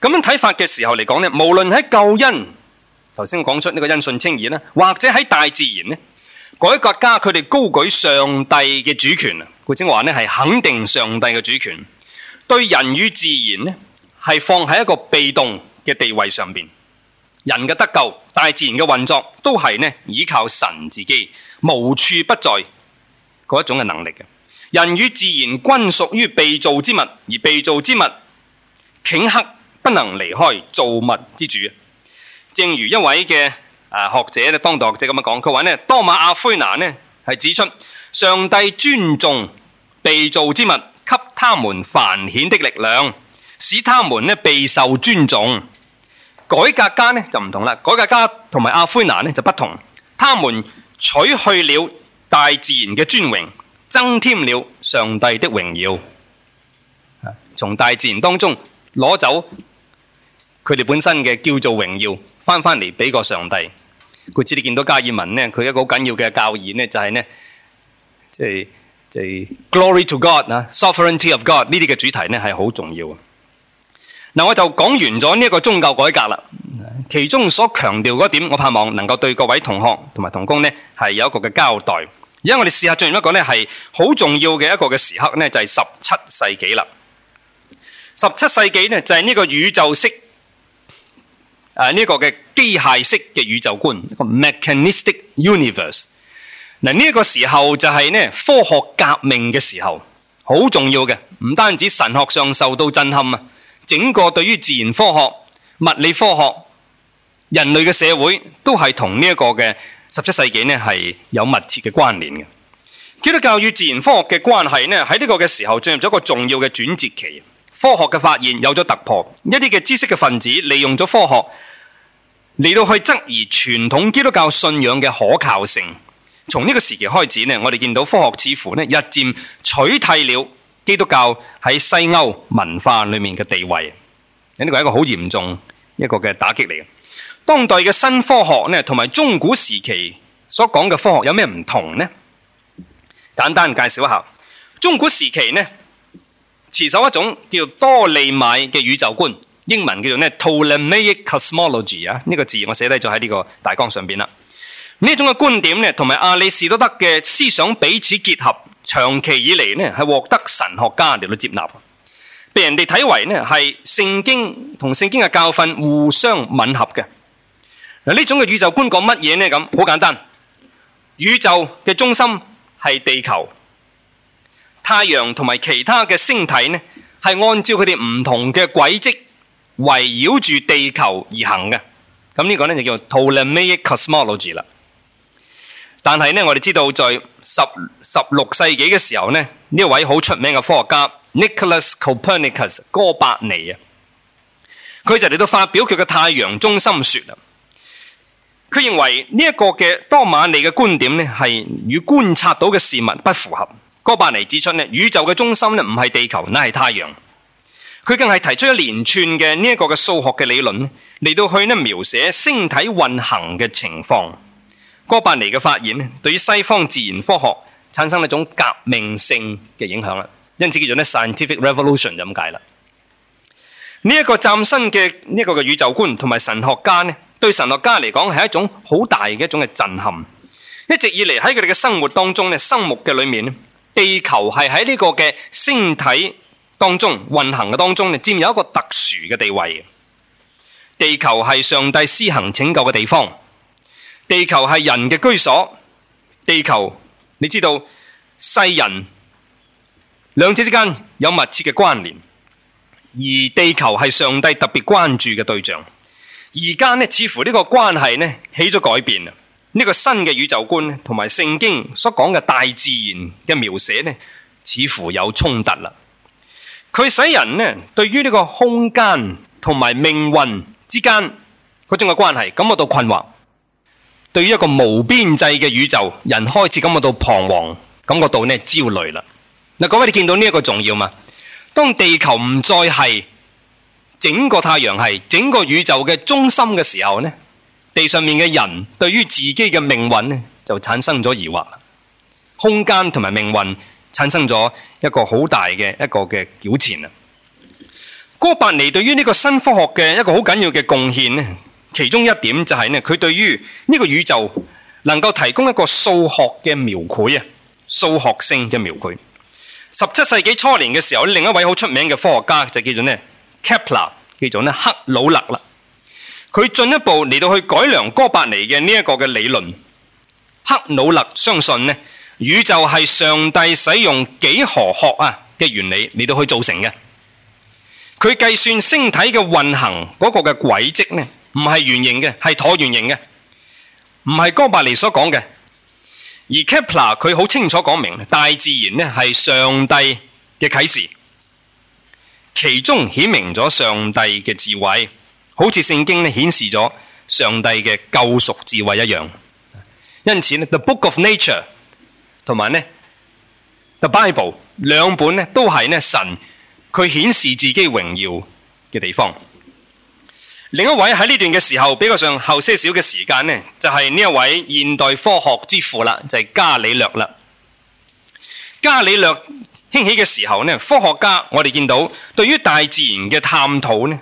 咁樣睇法嘅時候嚟講咧，無論喺救恩，頭先講出呢個因信稱義啦，或者喺大自然咧，改革家佢哋高舉上帝嘅主權啊，佢正話咧係肯定上帝嘅主權，對人與自然咧係放喺一個被動嘅地位上邊，人嘅得救，大自然嘅運作都係咧依靠神自己，無處不在。嗰一種嘅能力嘅，人與自然均屬於被造之物，而被造之物頃刻不能離開造物之主。正如一位嘅啊學者咧，當代學者咁樣講，佢話咧，多馬阿灰拿呢，係指出，上帝尊重被造之物，給他們繁衍的力量，使他們呢備受尊重。改革家呢，就唔同啦，改革家同埋阿灰拿呢，就不同，他們取去了。大自然嘅尊榮，增添了上帝的榮耀。從大自然當中攞走佢哋本身嘅叫做榮耀，翻翻嚟俾個上帝。佢知你見到加爾文咧，佢一個好緊要嘅教義咧，就係、是、咧，即係即係 glory to God 啊，sovereignty of God 呢啲嘅主題咧係好重要的。嗱，我就講完咗呢個宗教改革啦。其中所強調嗰點，我盼望能夠對各位同學同埋同工呢，係有一個嘅交代。而家我哋試下進入一個呢，係好重要嘅一個嘅時刻呢，就係十七世紀啦。十七世紀呢，就係呢個宇宙式誒呢個嘅機械式嘅宇宙觀，一個 mechanistic universe。嗱，呢個時候就係呢科學革命嘅時候，好重要嘅，唔單止神學上受到震撼啊。整個對於自然科學、物理科學、人類嘅社會，都係同呢一個嘅十七世紀呢係有密切嘅關聯嘅。基督教與自然科學嘅關係呢，喺呢個嘅時候進入咗一個重要嘅轉折期。科學嘅發現有咗突破，一啲嘅知識嘅分子利用咗科學嚟到去質疑傳統基督教信仰嘅可靠性。從呢個時期開始呢，我哋見到科學似乎呢日漸取代了。基督教喺西歐文化裏面嘅地位，呢個係一個好嚴重一個嘅打擊嚟嘅。當代嘅新科學呢，同埋中古時期所講嘅科學有咩唔同呢？簡單介紹一下，中古時期呢，持守一種叫多利米嘅宇宙觀，英文叫做呢 Ptolemaic cosmology 啊，呢個字我寫低咗喺呢個大綱上邊啦。呢種嘅觀點呢，同埋阿里士多德嘅思想彼此結合。長期以嚟呢係獲得神學家嚟到接納，被人哋睇為呢係聖經同聖經嘅教訓互相吻合嘅。嗱，呢種嘅宇宙觀講乜嘢呢？咁好簡單，宇宙嘅中心係地球，太陽同埋其他嘅星體呢係按照佢哋唔同嘅軌跡圍繞住地球而行嘅。咁呢個呢就叫做 Ptolemaic cosmology 啦。但係呢，我哋知道在十十六世紀嘅時候呢，呢位好出名嘅科學家 Nicholas Copernicus 哥白尼啊，佢就嚟到發表佢嘅太陽中心說。佢認為呢一個嘅多瑪尼嘅觀點呢，係與觀察到嘅事物不符合。哥白尼指出呢，宇宙嘅中心呢唔係地球，乃係太陽。佢更係提出一連串嘅呢一個嘅數學嘅理論，嚟到去呢描寫星體運行嘅情況。哥白尼嘅發現對於西方自然科學產生一種革命性嘅影響啦，因此叫做呢 Scientific Revolution 咁解啦。呢一個嶄新嘅呢個嘅宇宙觀，同埋神學家呢，對神學家嚟講係一種好大嘅一種嘅震撼。一直以嚟喺佢哋嘅生活當中呢，生活嘅裏面咧，地球係喺呢個嘅星體當中運行嘅當中咧，佔有一個特殊嘅地位。地球係上帝施行拯救嘅地方。地球係人嘅居所，地球你知道，世人兩者之間有密切嘅關聯，而地球係上帝特別關注嘅對象。而家呢，似乎呢個關係呢起咗改變呢。呢個新嘅宇宙觀同埋聖經所講嘅大自然嘅描寫呢，似乎有衝突啦。佢使人呢對於呢個空間同埋命運之間嗰種嘅關係，感覺到困惑。對於一個無邊際嘅宇宙，人開始感覺到彷徨，感覺到呢焦慮啦。嗱，各位你見到呢一個重要嘛？當地球唔再係整個太陽系，整個宇宙嘅中心嘅時候呢，地上面嘅人對於自己嘅命運呢，就產生咗疑惑。空間同埋命運產生咗一個好大嘅一個嘅糾纏啊。哥白尼對於呢個新科學嘅一個好緊要嘅貢獻呢其中一點就係呢佢對於呢個宇宙能夠提供一個數學嘅描繪啊，數學性嘅描繪。十七世紀初年嘅時候，另一位好出名嘅科學家就叫做呢 Kepler，叫做呢克魯勒啦。佢進一步嚟到去改良哥白尼嘅呢一個嘅理論。克魯勒相信呢宇宙係上帝使用幾何學啊嘅原理嚟到去造成嘅。佢計算星體嘅運行嗰個嘅軌跡呢。唔係圓形嘅，係橢圓形嘅，唔係哥白尼所講嘅，而 Kepler 佢好清楚講明，大自然呢係上帝嘅啟示，其中顯明咗上帝嘅智慧，好似聖經呢顯示咗上帝嘅救贖智慧一樣。因此呢，《The Book of Nature》同埋《The Bible》兩本呢都係神佢顯示自己榮耀嘅地方。另一位喺呢段嘅時候，比較上後些少嘅時間呢就係、是、呢一位現代科學之父啦，就係伽利略啦。伽利略興起嘅時候呢，科學家我哋見到對於大自然嘅探討呢，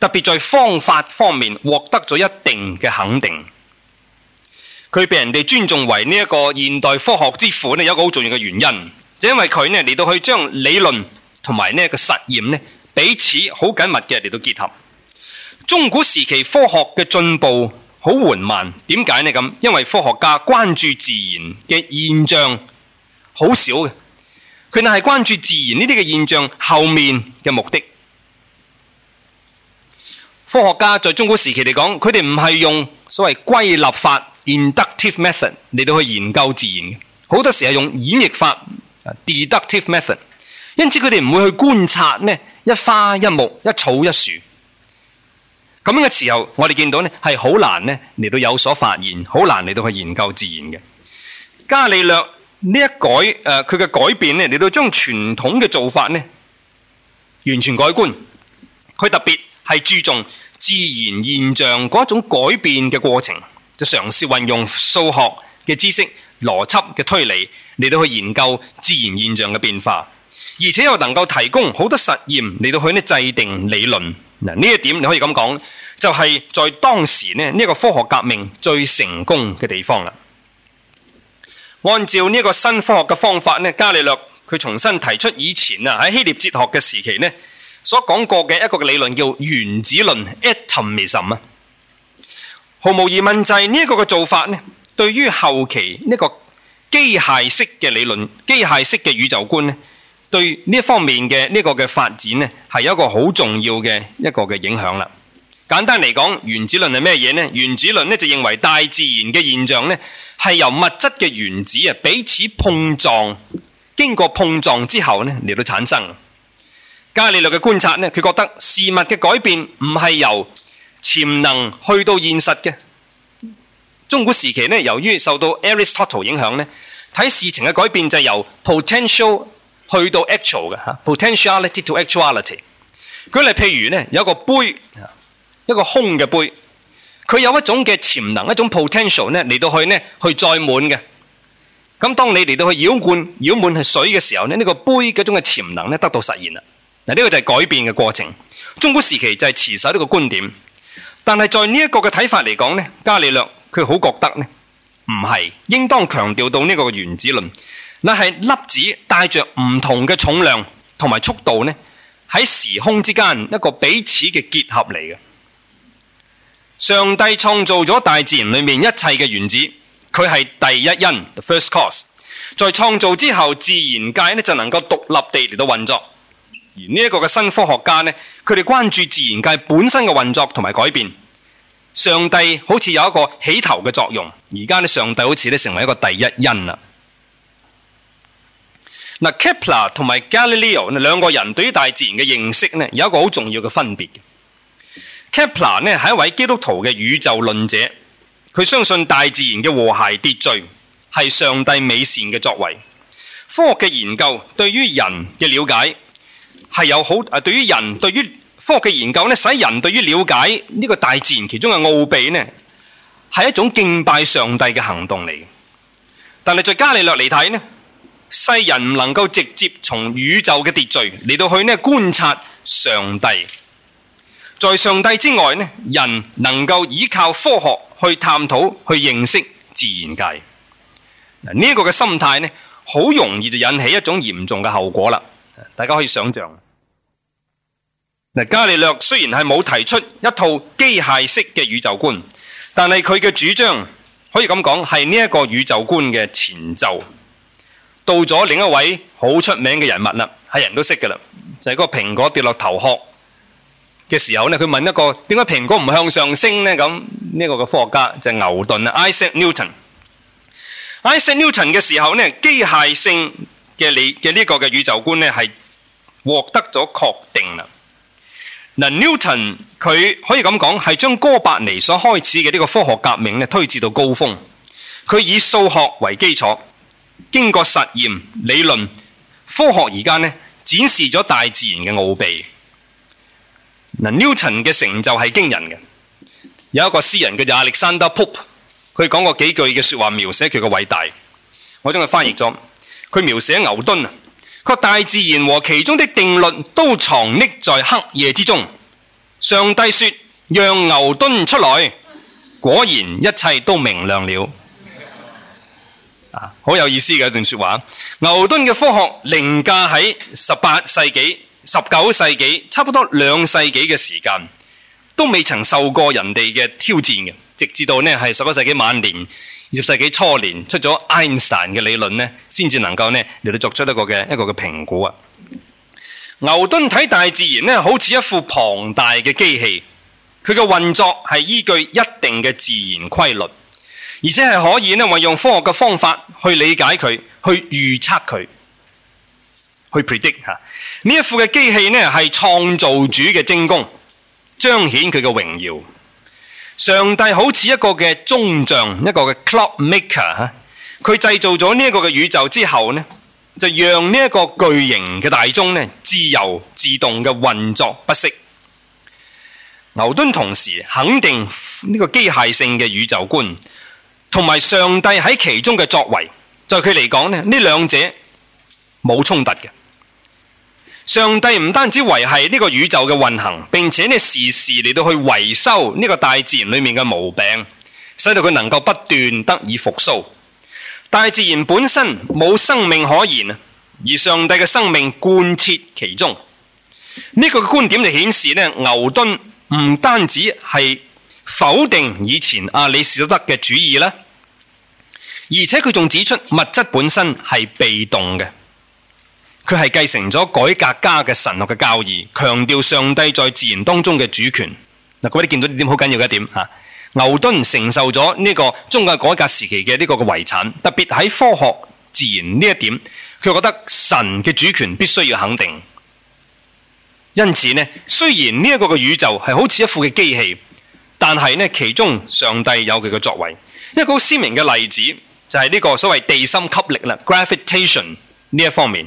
特別在方法方面獲得咗一定嘅肯定。佢畀人哋尊重為呢一個現代科學之父呢，有一個好重要嘅原因，就是、因為佢呢嚟到去將理論同埋呢個實驗呢彼此好緊密嘅嚟到結合。中古時期科學嘅進步好緩慢，點解呢？咁，因為科學家關注自然嘅現象好少嘅，佢哋係關注自然呢啲嘅現象後面嘅目的。科學家在中古時期嚟講，佢哋唔係用所謂歸納法 （inductive method） 嚟到去研究自然嘅，好多時係用演繹法 （deductive method）。因此，佢哋唔會去觀察呢一花一木、一草一樹。咁嘅時候，我哋見到呢係好難呢嚟到有所發現，好難嚟到去研究自然嘅。伽利略呢一改誒，佢、呃、嘅改變呢嚟到將傳統嘅做法呢完全改觀。佢特別係注重自然現象嗰一種改變嘅過程，就嘗試運用數學嘅知識、邏輯嘅推理嚟到去研究自然現象嘅變化，而且又能夠提供好多實驗嚟到去呢制定理論。嗱，呢一點你可以咁講，就係在當時咧呢一個科學革命最成功嘅地方啦。按照呢一個新科學嘅方法呢，伽利略佢重新提出以前啊喺希臘哲學嘅時期呢所講過嘅一個理論，叫原子論 Atomism。毫無疑問就係呢一個嘅做法咧，對於後期呢個機械式嘅理論、機械式嘅宇宙觀咧。對呢方面嘅呢個嘅發展呢係有一個好重要嘅一個嘅影響啦。簡單嚟講，原子論係咩嘢呢？原子論呢就認為大自然嘅現象呢係由物質嘅原子啊彼此碰撞，經過碰撞之後呢嚟到產生。伽利略嘅觀察呢，佢覺得事物嘅改變唔係由潛能去到現實嘅。中古時期呢，由於受到 Aristotle 影響呢，睇事情嘅改變就係由 potential。去到 actual 嘅嚇，potentiality to actuality。舉例譬如咧，有一個杯，一個空嘅杯，佢有一種嘅潛能，一種 potential 咧，嚟到去咧去載滿嘅。咁當你嚟到去舀滿舀滿係水嘅時候咧，呢、這個杯嗰種嘅潛能咧得到實現啦。嗱呢個就係改變嘅過程。中古時期就係持守呢個觀點，但係在呢一個嘅睇法嚟講咧，伽利略佢好覺得咧唔係，應當強調到呢個原子論。那係粒子帶着唔同嘅重量同埋速度呢，喺時空之間一個彼此嘅結合嚟嘅。上帝創造咗大自然裏面一切嘅原子，佢係第一因 （the first cause）。在創造之後，自然界呢就能夠獨立地嚟到運作。而呢一個嘅新科學家呢，佢哋關注自然界本身嘅運作同埋改變。上帝好似有一個起頭嘅作用，而家呢，上帝好似咧成為一個第一因啦。嗱，Kepler 同埋 Galileo，兩個人對於大自然嘅認識咧，有一個好重要嘅分別。Kepler 咧係一位基督徒嘅宇宙論者，佢相信大自然嘅和諧秩序係上帝美善嘅作為。科學嘅研究對於人嘅了解係有好誒，對於人，對於科學嘅研究咧，使人對於了解呢個大自然其中嘅奧秘咧，係一種敬拜上帝嘅行動嚟。但係在伽利略嚟睇呢。世人唔能夠直接從宇宙嘅秩序嚟到去呢觀察上帝，在上帝之外呢，人能夠依靠科學去探討、去認識自然界。嗱、這、呢個嘅心態呢，好容易就引起一種嚴重嘅後果啦。大家可以想象，伽利略雖然係冇提出一套機械式嘅宇宙觀，但係佢嘅主張可以咁講係呢一個宇宙觀嘅前奏。到咗另一位好出名嘅人物啦，係人都識㗎啦，就係嗰個蘋果跌落頭殼嘅時候呢，佢問一個，點解蘋果唔向上升呢？咁呢個嘅科學家就係牛頓啦，Isaac Newton。Isaac Newton 嘅時候呢，機械性嘅你嘅呢個嘅宇宙觀呢係獲得咗確定啦。嗱，Newton 佢可以咁講，係將哥白尼所開始嘅呢個科學革命呢推至到高峰。佢以數學為基礎。經過實驗、理論、科學而家呢，展示咗大自然嘅奧秘。Newton 嘅成就係驚人嘅。有一個詩人叫亞歷山德普，佢講過幾句嘅說話描寫佢嘅偉大。我將佢翻譯咗，佢描寫牛頓啊，個大自然和其中的定律都藏匿在黑夜之中。上帝說：讓牛頓出來，果然一切都明亮了。好有意思嘅一段說話。牛頓嘅科學凌駕喺十八世紀、十九世紀，差不多兩世紀嘅時間，都未曾受過人哋嘅挑戰嘅。直至到呢係十九世紀晚年、二十世紀初年，出咗 Einstein 嘅理論呢先至能夠呢嚟到作出一個嘅一個嘅評估啊。牛頓睇大自然呢，好似一副龐大嘅機器，佢嘅運作係依據一定嘅自然規律。而且係可以呢運用科學嘅方法去理解佢，去預測佢，去 predict 吓。呢一副嘅機器呢係創造主嘅精工，彰顯佢嘅榮耀。上帝好似一個嘅鐘匠，一個嘅 clock maker 佢、啊、製造咗呢一個嘅宇宙之後呢，就讓呢一個巨型嘅大鐘呢自由自動嘅運作不息。牛頓同時肯定呢個機械性嘅宇宙觀。同埋上帝喺其中嘅作為，在佢嚟講呢，呢兩者冇衝突嘅。上帝唔單止維繫呢個宇宙嘅運行，並且呢時時嚟到去維修呢個大自然裏面嘅毛病，使到佢能夠不斷得以復甦。大自然本身冇生命可言，而上帝嘅生命貫徹其中。呢、這個觀點就顯示呢，牛頓唔單止係否定以前阿里士多德嘅主義呢。而且佢仲指出物質本身係被動嘅，佢係繼承咗改革家嘅神學嘅教義，強調上帝在自然當中嘅主權。嗱，各位你見到呢點好緊要嘅一點。牛頓承受咗呢個宗教改革時期嘅呢個嘅遺產，特別喺科學自然呢一點，佢覺得神嘅主權必須要肯定。因此呢，雖然呢一個嘅宇宙係好似一副嘅機器，但係呢其中上帝有佢嘅作為，一個好鮮明嘅例子。就係呢個所謂地心吸力啦，gravitation 呢一方面，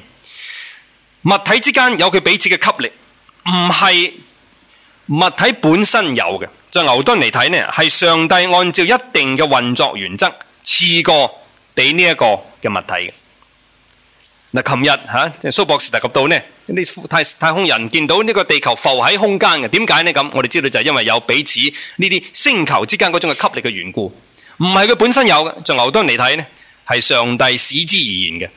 物體之間有佢彼此嘅吸力，唔係物體本身有嘅。就牛頓嚟睇呢，係上帝按照一定嘅運作原則賜過俾呢一個嘅物體。嗱，琴日吓，蘇、啊就是、博士提及到咧，呢太太空人見到呢個地球浮喺空間嘅，點解呢？咁我哋知道就係因為有彼此呢啲星球之間嗰種嘅吸力嘅緣故。唔係佢本身有嘅，就牛頓嚟睇呢係上帝使之而言嘅。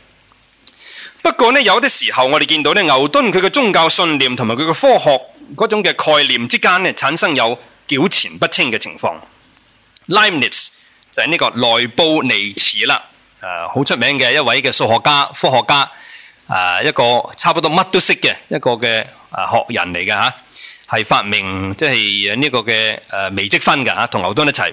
不過呢，有啲時候我哋見到呢牛頓佢嘅宗教信念同埋佢嘅科學嗰種嘅概念之間呢，產生有糾纏不清嘅情況。Leibniz 就係呢個內布尼茨啦。誒、啊，好出名嘅一位嘅數學家、科學家，誒、啊，一個差不多乜都識嘅一個嘅誒學人嚟嘅吓，係、啊、發明即係呢個嘅誒、啊、微積分嘅吓，同、啊、牛頓一齊。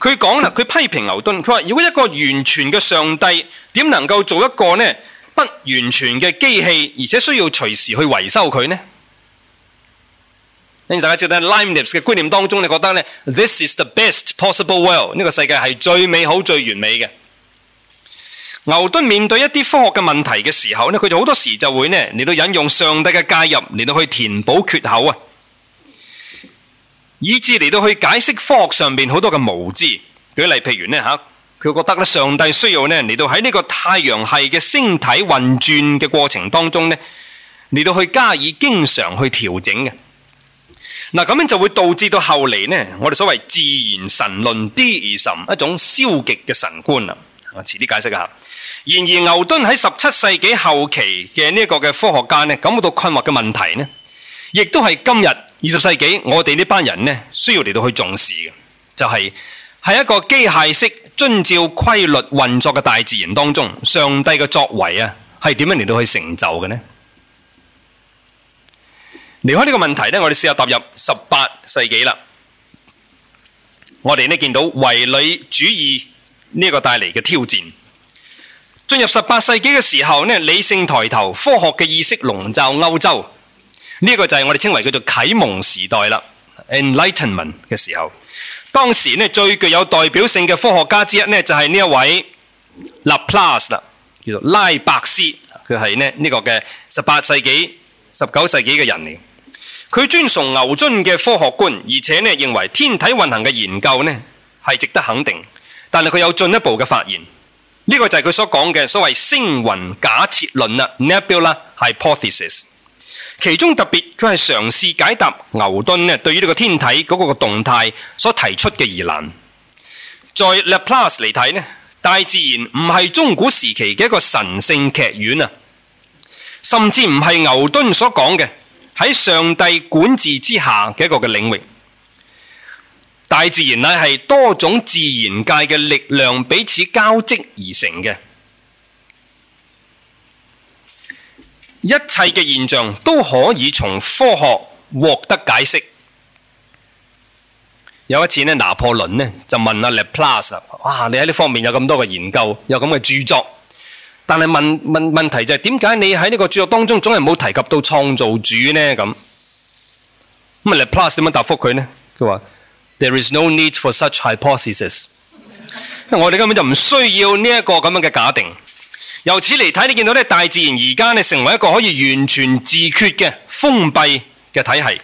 佢講啦，佢批評牛頓，佢話：如果一個完全嘅上帝，點能夠做一個呢不完全嘅機器，而且需要隨時去維修佢呢？大家知道 l i m e n i p s 嘅觀念當中，你覺得呢 t h i s is the best possible world，呢、這個世界係最美好、最完美嘅。牛頓面對一啲科學嘅問題嘅時候咧，佢哋好多時就會呢，嚟到引用上帝嘅介入嚟到去填補缺口啊。以至嚟到去解釋科學上面好多嘅無知，舉例譬如，呢，吓，佢覺得咧上帝需要呢嚟到喺呢個太陽系嘅星體運轉嘅過程當中呢嚟到去加以經常去調整嘅。嗱咁樣就會導致到後嚟呢，我哋所謂自然神論 Deism 一種消極嘅神觀啊！我遲啲解釋一下。然而牛頓喺十七世紀後期嘅呢個嘅科學家呢感覺到困惑嘅問題呢亦都係今日。二十世紀，我哋呢班人呢，需要嚟到去重視嘅，就係喺一個機械式遵照規律運作嘅大自然當中，上帝嘅作為啊，係點樣嚟到去成就嘅呢？離開呢個問題呢，我哋試下踏入十八世紀啦。我哋呢見到唯理主義呢個帶嚟嘅挑戰。進入十八世紀嘅時候呢，理性抬頭，科學嘅意識籠罩歐洲。呢個就係我哋稱為叫做啟蒙時代啦，Enlightenment 嘅時候，當時呢，最具有代表性嘅科學家之一呢，就係、是、呢一位拉普拉斯啦，叫做拉伯斯，佢係咧呢、這個嘅十八世紀、十九世紀嘅人嚟。佢尊崇牛津嘅科學觀，而且咧認為天體運行嘅研究呢係值得肯定，但係佢有進一步嘅發現，呢、這個就係佢所講嘅所謂星雲假設論啦，呢一表啦係 hypothesis。其中特別佢係嘗試解答牛頓咧對於呢個天體嗰個動態所提出嘅疑難，在拉普拉斯嚟睇咧，大自然唔係中古時期嘅一個神聖劇院啊，甚至唔係牛頓所講嘅喺上帝管治之下嘅一個領域，大自然咧係多種自然界嘅力量彼此交織而成嘅。一切嘅現象都可以從科學獲得解釋。有一次呢拿破崙就問阿拉普拉斯，哇，你喺呢方面有咁多嘅研究，有咁嘅著作，但係問問問題就係點解你喺呢個著作當中總係冇提及到創造主呢？咁咁，拉普拉斯點樣答覆佢呢？佢話：There is no need for such hypotheses。 我哋根本就唔需要呢一個咁樣嘅假定。由此嚟睇，你見到咧，大自然而家咧成為一個可以完全自決嘅封閉嘅體系，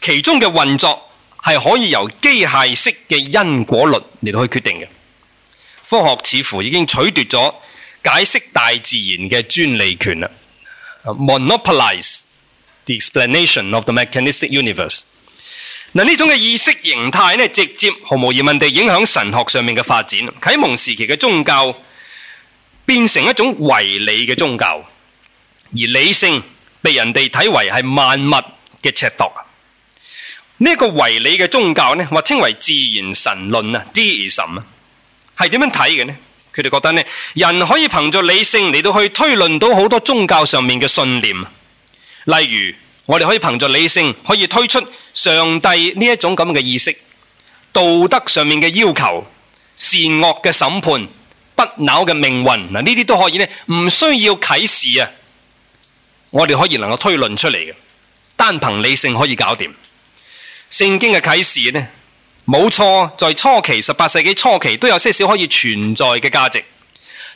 其中嘅運作係可以由機械式嘅因果律嚟到去決定嘅。科學似乎已經取奪咗解釋大自然嘅專利權啦。Monopolize the explanation of the mechanistic universe。嗱，呢種嘅意識形態咧，直接毫無疑問地影響神學上面嘅發展。啟蒙時期嘅宗教。變成一種唯理嘅宗教，而理性被人哋睇為係萬物嘅尺度。呢一個唯理嘅宗教呢，或稱為自然神論啊，Deism 啊，係點樣睇嘅呢？佢哋覺得呢，人可以憑住理性嚟到去推論到好多宗教上面嘅信念。例如，我哋可以憑住理性可以推出上帝呢一種咁嘅意識，道德上面嘅要求，善惡嘅審判。不朽嘅命運嗱，呢啲都可以呢，唔需要啟示啊！我哋可以能夠推論出嚟嘅，單憑理性可以搞掂。聖經嘅啟示呢，冇錯，在初期十八世紀初期都有些少可以存在嘅價值，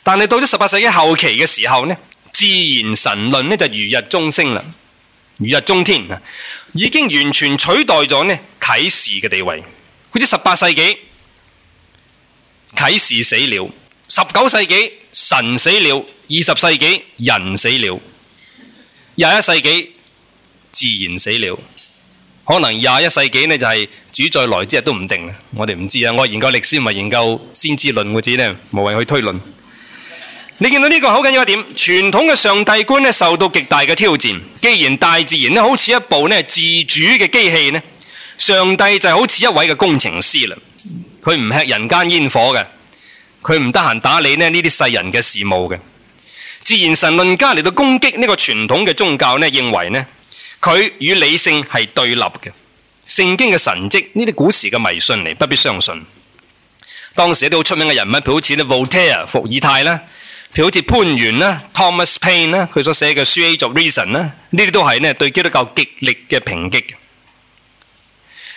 但係到咗十八世紀後期嘅時候呢，自然神論呢就如日中升啦，如日中天，已經完全取代咗呢啟示嘅地位，好似十八世紀啟示死了。十九世紀神死了，二十世紀人死了，廿一世紀自然死了。可能廿一世紀呢就係主再來之日都唔定啊！我哋唔知啊，我研究歷史咪研究先知論嗰啲呢，無謂去推論。 你見到呢個好緊要一點，傳統嘅上帝觀呢受到極大嘅挑戰。既然大自然呢好似一部呢自主嘅機器呢，上帝就好似一位嘅工程師啦，佢唔吃人間煙火嘅。佢唔得閒打理呢啲世人嘅事務嘅，自然神論家嚟到攻擊呢個傳統嘅宗教呢，認為呢佢與理性係對立嘅。聖經嘅神蹟呢啲古時嘅迷信嚟，不必相信。當時啲好出名嘅人物，譬如好似 Voltaire、伏爾泰啦，譬如好似潘源啦、Thomas Paine 啦，佢所寫嘅書叫做《Age of Reason》啦，呢啲都係呢對基督教極力嘅抨擊。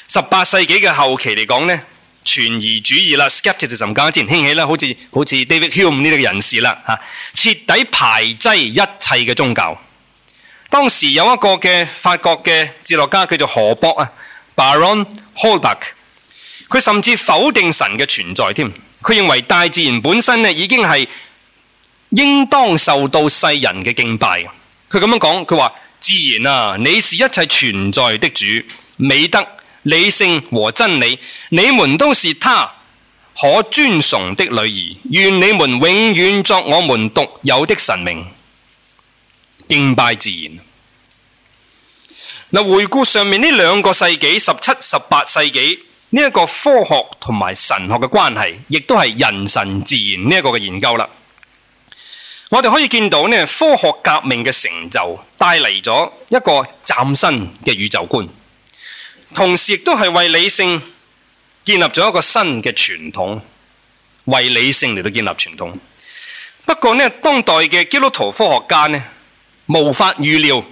十八世紀嘅後期嚟講呢。全疑主義啦 Skeptic 就神家之前興起啦，好似好似 David Hume 呢啲嘅人士啦，吓徹底排擠一切嘅宗教。當時有一個嘅法國嘅哲學家佢叫做何博啊，Baron Holbach，佢甚至否定神嘅存在添。佢認為大自然本身呢已經係應當受到世人嘅敬拜。佢咁樣講，佢話：自然啊，你是一切存在的主，美德。理性和真理，你們都是他可尊崇的女兒，願你們永遠作我們獨有的神明，敬拜自然。嗱，回顧上面呢兩個世紀，十七、十八世紀呢一個科學同埋神學嘅關係，亦都係人神自然呢一個嘅研究啦。我哋可以見到呢，科學革命嘅成就帶嚟咗一個嶄新嘅宇宙觀。同時亦都係為理性建立咗一個新嘅傳統，為理性嚟到建立傳統。不過呢，當代嘅基督徒科學家呢，無法預料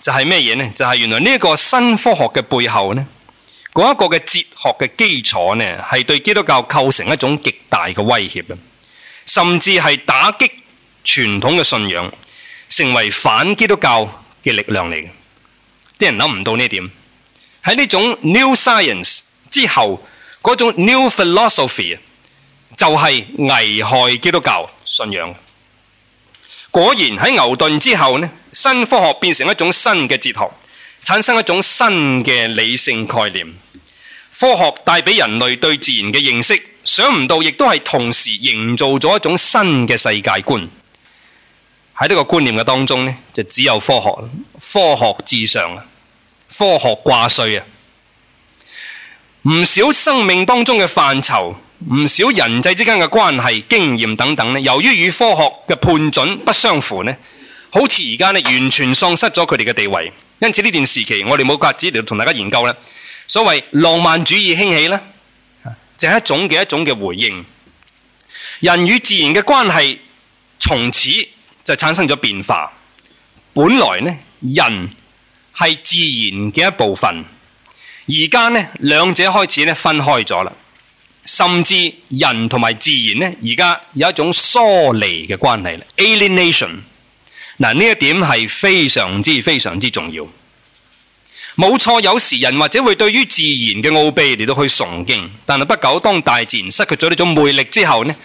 就係咩嘢呢？就係、是、原來呢一個新科學嘅背後呢，嗰一個嘅哲學嘅基礎呢，係對基督教構成一種極大嘅威脅嘅，甚至係打擊傳統嘅信仰，成為反基督教嘅力量嚟嘅。啲人諗唔到呢點。喺呢種 new science 之後，嗰種 new philosophy 就係危害基督教信仰。果然喺牛頓之後呢，新科學變成一種新嘅哲學，產生一種新嘅理性概念。科學帶俾人類對自然嘅認識，想唔到亦都係同時營造咗一種新嘅世界觀。喺呢個觀念嘅當中呢，就只有科學，科學至上。科學掛帥啊！唔少生命當中嘅範疇，唔少人際之間嘅關係、經驗等等，由於與科學嘅判準不相符呢，好似而家完全喪失咗佢哋嘅地位。因此呢段時期，我哋冇格子嚟同大家研究呢，所謂浪漫主義興起呢，就係一種嘅一種嘅回應。人與自然嘅關係從此就產生咗變化。本來呢人，係自然嘅一部分，而家呢，兩者開始呢分開咗啦，甚至人同埋自然呢，而家有一種疏離嘅關係啦，alienation。嗱呢 Alien ation, 一點係非常之非常之重要。冇錯，有時人或者會對於自然嘅奧秘嚟到去崇敬，但係不久當大自然失去咗呢種魅力之後呢，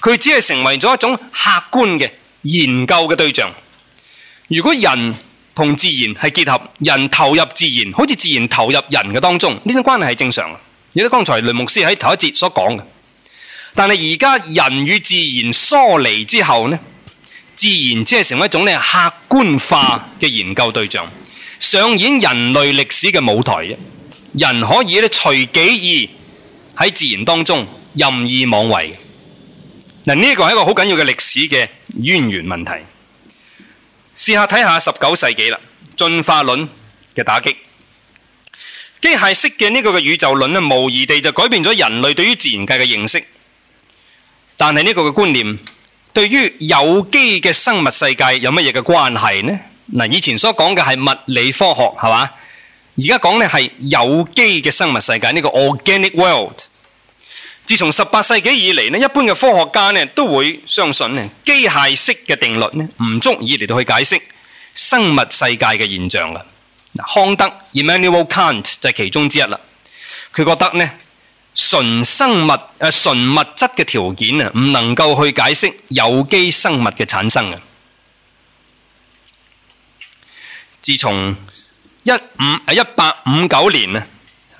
佢只係成為咗一種客觀嘅研究嘅對象。如果人，同自然係結合，人投入自然，好似自然投入人嘅當中，呢種關係係正常嘅。而家剛才雷牧師喺頭一節所講嘅，但係而家人與自然疏離之後呢，自然只係成為一種咧客觀化嘅研究對象，上演人類歷史嘅舞台啫。人可以咧隨己意喺自然當中任意妄為嘅。嗱呢個係一個好緊要嘅歷史嘅淵源問題。試下睇下十九世紀啦，進化論嘅打擊，機械式嘅呢個嘅宇宙論呢，無疑地就改變咗人類對於自然界嘅認識。但係呢個嘅觀念，對於有機嘅生物世界有乜嘢嘅關係呢？嗱，以前所講嘅係物理科學係嘛，而家講嘅係有機嘅生物世界呢個 organic world。自從十八世紀以嚟，一般嘅科學家都會相信咧，機械式嘅定律咧，唔足以嚟到去解釋生物世界嘅現象。康德 e m m a n u e l Kant） 就係其中之一啦。佢覺得純生物誒純物質嘅條件啊，唔能夠去解釋有機生物嘅產生。自從一五誒一八五九年啊。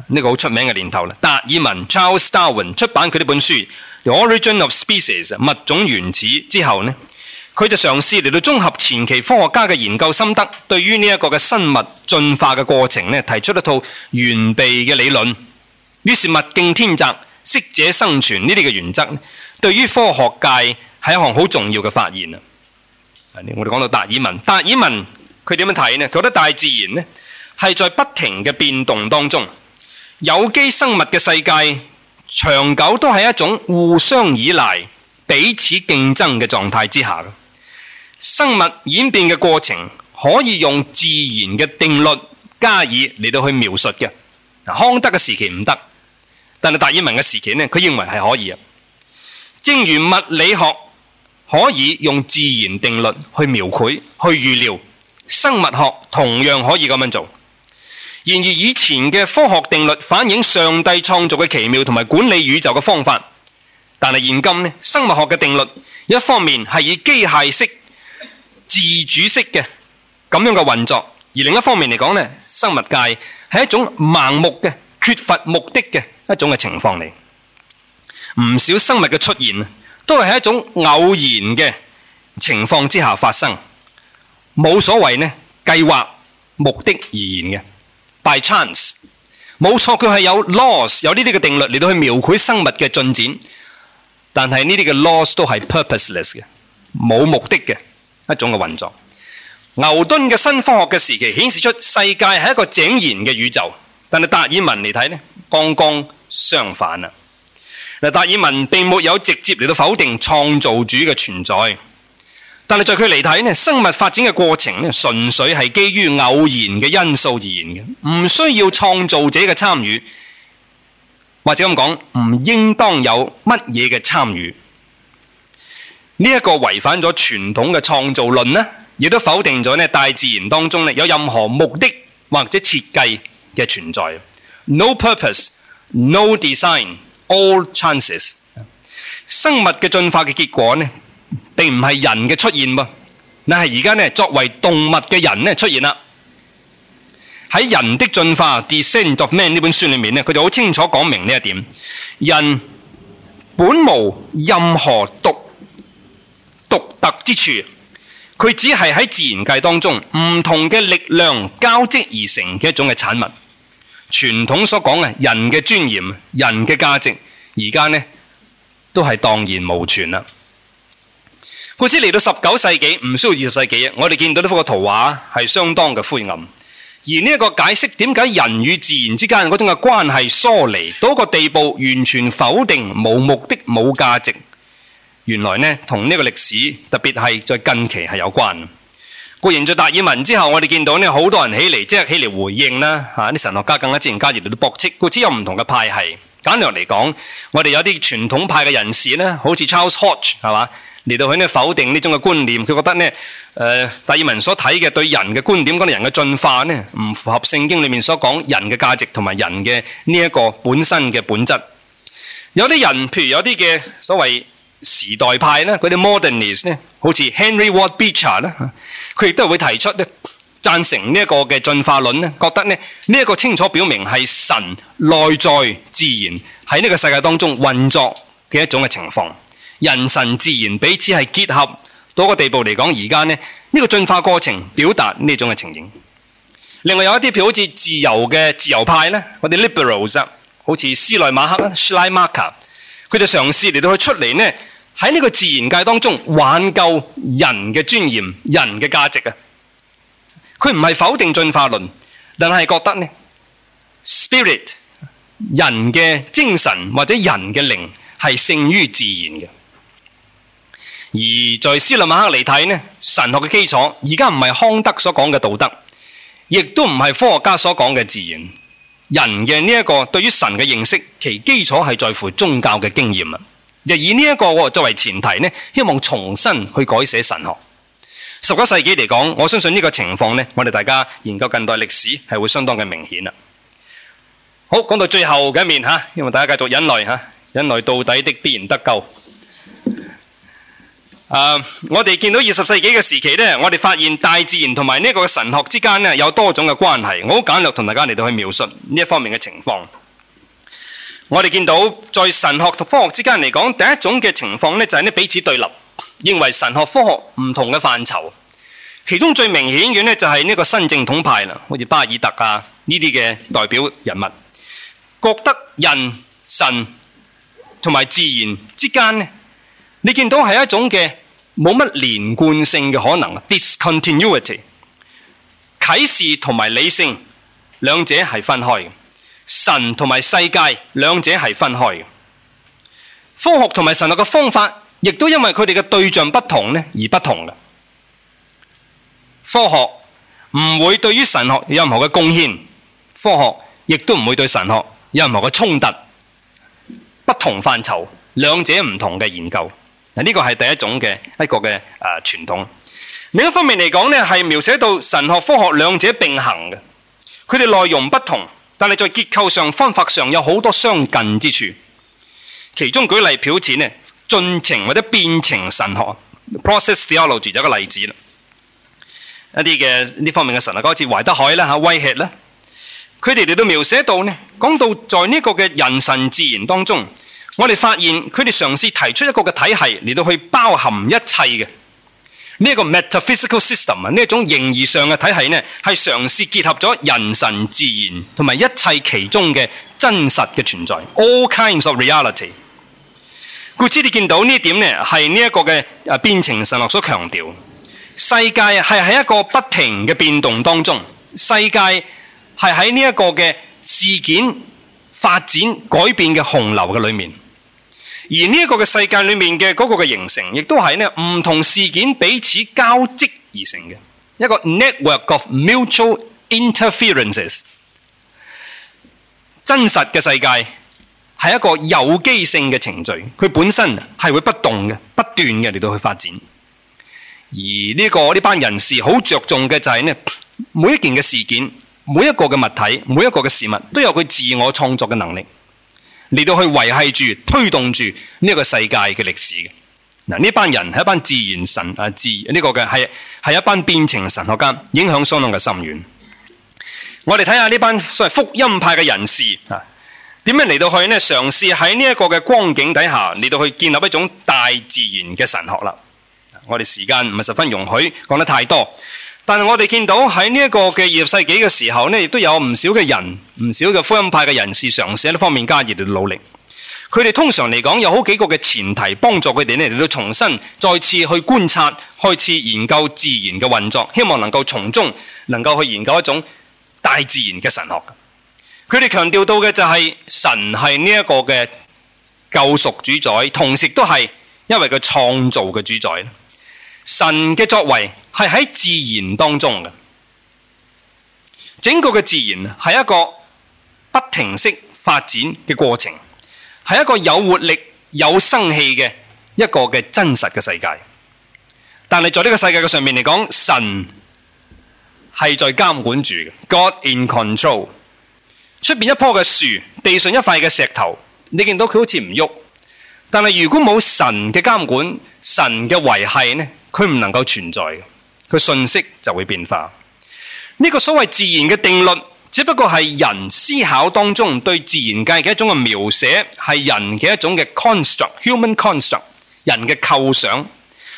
呢個好出名嘅年頭啦，達爾文 Charles Darwin 出版佢呢本書《The Origin of Species》物種原始之後呢，佢就嘗試嚟到綜合前期科學家嘅研究心得，對於呢一個嘅生物進化嘅過程咧，提出一套完備嘅理論。於是物競天擇、適者生存這些呢啲嘅原則，對於科學界係一項好重要嘅發現啊！我哋講到達爾文，達爾文佢點樣睇呢？佢覺得大自然呢，係在不停嘅變動當中。有機生物嘅世界，長久都係一種互相依賴、彼此競爭嘅狀態之下。生物演變嘅過程可以用自然嘅定律加以嚟到去描述嘅。康德嘅時期唔得，但係達爾文嘅時期呢，佢認為係可以嘅。正如物理學可以用自然定律去描繪、去預料，生物學同樣可以咁樣做。然而以前嘅科學定律，反映上帝創造嘅奇妙同埋管理宇宙嘅方法，但係現今呢，生物學嘅定律，一方面係以機械式、自主式嘅咁樣嘅運作，而另一方面嚟講呢，生物界係一種盲目嘅、缺乏目的嘅一種嘅情況嚟。唔少生物嘅出現啊，都係一種偶然嘅情況之下發生，冇所謂呢計劃目的而言嘅。By chance，冇錯佢係有 laws，有呢啲嘅定律嚟到去描繪生物嘅進展，但係呢啲嘅 laws 都係 purposeless 嘅，冇目的嘅一種嘅運作。牛頓嘅新科學嘅時期顯示出世界係一個井然嘅宇宙，但係達爾文嚟睇呢，剛剛相反啊！嗱，達爾文並沒有直接嚟到否定創造主嘅存在。但係在佢嚟睇呢，生物發展嘅過程呢，純粹係基於偶然嘅因素而言嘅，唔需要創造者嘅參與，或者咁講，唔應當有乜嘢嘅參與。呢一個違反咗傳統嘅創造論呢亦都否定咗呢大自然當中呢有任何目的或者設計嘅存在。No purpose, no design, all chances。生物嘅進化嘅結果呢，並唔係人嘅出現，但係而家呢，作為動物嘅人呢，出現啦。喺人的進化《Descent of Man》呢本書裏面呢，佢就好清楚講明呢一點：人本無任何獨獨特之處，佢只係喺自然界當中唔同嘅力量交織而成嘅一種嘅產物。傳統所講嘅人嘅尊嚴、人嘅價值，而家呢都係蕩然無存啦。故此嚟到十九世紀，唔需要二十世紀，我哋見到呢幅嘅圖畫係相當嘅灰暗，而呢一個解釋點解人與自然之間嗰種嘅關係疏離到一個地步，完全否定，冇目的、冇價值，原來呢同呢個歷史，特別係在近期係有關。過完咗達爾文之後，我哋見到呢好多人起嚟，即係起嚟回應啦，吓、啊、啲神學家更加自然家越嚟到駁斥。故此有唔同嘅派系，簡略嚟講，我哋有啲傳統派嘅人士呢，好似 Charles Hodge 係嘛。嚟到佢呢，否定呢種嘅觀念，佢覺得呢，誒、呃，達爾文所睇嘅對人嘅觀點，講到人嘅進化呢，唔符合聖經裏面所講人嘅價值同埋人嘅呢一個本身嘅本質。有啲人，譬如有啲嘅所謂時代派咧，佢哋 modernist 呢，好似 Henry Ward Beecher 啦，佢亦都係會提出呢，贊成呢一個嘅進化論呢，覺得呢，呢、這、一個清楚表明係神內在自然喺呢個世界當中運作嘅一種嘅情況。人神自然彼此係結合到個地步嚟講，而家咧，呢個進化過程表達呢種嘅情形。另外有一啲譬如好似自由嘅自由派咧，我哋 liberals 啊，好似施內馬克 Schleiermacher，佢就嘗試嚟，到佢出嚟咧，喺呢個自然界當中挽救，人嘅尊嚴、人嘅價值啊。佢唔係否定進化論，但係覺得咧，spirit 人嘅精神或者人嘅靈係勝於自然嘅。而在斯里馬克嚟睇呢，神學嘅基礎而家唔係康德所講嘅道德，亦都唔係科學家所講嘅自然。人嘅呢一個對於神嘅認識，其基礎係在乎宗教嘅經驗啊！就以呢一個作為前提呢，希望重新去改寫神學。十九世紀嚟講，我相信呢個情況呢，我哋大家研究近代歷史係會相當嘅明顯啦。好，講到最後嘅一面吓，希望大家繼續忍耐吓，忍耐到底的必然得救。Uh, 我哋見到二十世紀嘅時期呢，我哋發現大自然同埋呢個神學之間呢，有多種嘅關係。我好簡略同大家嚟到去描述呢一方面嘅情況。我哋見到在神學同科學之間嚟講，第一種嘅情況呢，就係呢彼此對立，認為神學、科學唔同嘅範疇。其中最明顯嘅呢，就係呢個新正統派啦，好似巴爾特啊呢啲嘅代表人物，覺得人、神同埋自然之間呢你見到係一種嘅冇乜連貫性嘅可能，discontinuity。啟示同埋理性兩者係分開嘅，神同埋世界兩者係分開嘅。科學同埋神學嘅方法，亦都因為佢哋嘅對象不同咧而不同嘅。科學唔會對於神學有任何嘅貢獻，科學亦都唔會對神學有任何嘅衝突。不同範疇，兩者唔同嘅研究。呢個係第一種嘅一個嘅誒傳統。另一方面嚟講呢，係描寫到神學、科學兩者並行嘅。佢哋內容不同，但係在結構上、方法上有好多相近之處。其中舉例表淺咧，進程或者變程神學 （process theology） 就係一個例子。一啲嘅呢方面嘅神學，好似懷德海啦、哈威歇啦，佢哋嚟到描寫到呢，講到在呢個嘅人神自然當中。我哋發現佢哋嘗試提出一個嘅體系嚟到去包含一切嘅呢個 metaphysical system 啊，呢一種形而上嘅體系呢，係嘗試結合咗人神自然同埋一切其中嘅真實嘅存在，all kinds of reality。故知你見到呢點呢，係呢一個嘅啊變情神學所強調，世界係喺一個不停嘅變動當中，世界係喺呢一個嘅事件發展改變嘅洪流嘅裏面。而呢一個嘅世界裏面嘅嗰個嘅形成，亦都係呢唔同事件彼此交織而成嘅一個 network of mutual interferences。真實嘅世界係一個有機性嘅程序，佢本身係會不動嘅，不斷嘅嚟到去發展而，這個。而呢個呢班人士好着重嘅就係呢，每一件嘅事件，每一個嘅物體，每一個嘅事物，都有佢自我創作嘅能力。嚟到去維繫住、推動住呢個世界嘅歷史嘅，嗱呢班人係一班自然神啊、自呢、這個嘅係係一班辯證神學家，影響相當嘅深遠。我哋睇下呢班所謂福音派嘅人士啊，點樣嚟到去呢？嘗試喺呢一個嘅光景底下，嚟到去建立一種大自然嘅神學啦。我哋時間唔係十分容許，講得太多。但係我哋見到喺呢一個嘅二十世紀嘅時候呢，亦都有唔少嘅人，唔少嘅福音派嘅人士嘗試喺呢方面加熱努力。佢哋通常嚟講有好幾個嘅前提，幫助佢哋呢，嚟到重新、再次去觀察、開始研究自然嘅運作，希望能夠從中能夠去研究一種大自然嘅神學。佢哋強調到嘅就係、是、神係呢一個嘅救贖主宰，同時都係因為佢創造嘅主宰。神嘅作為係喺自然當中嘅，整個嘅自然係一個不停息發展嘅過程，係一個有活力、有生氣嘅一個嘅真實嘅世界。但係在呢個世界嘅上面嚟講，神係在監管住嘅，God in control。出邊一棵嘅樹，地上一塊嘅石頭，你見到佢好似唔喐，但係如果冇神嘅監管、神嘅維繫呢？佢唔能夠存在嘅，佢信息就會變化。呢、這個所謂自然嘅定律，只不過係人思考當中對自然界嘅一種嘅描寫，係人嘅一種嘅 construct，human construct，人嘅構想，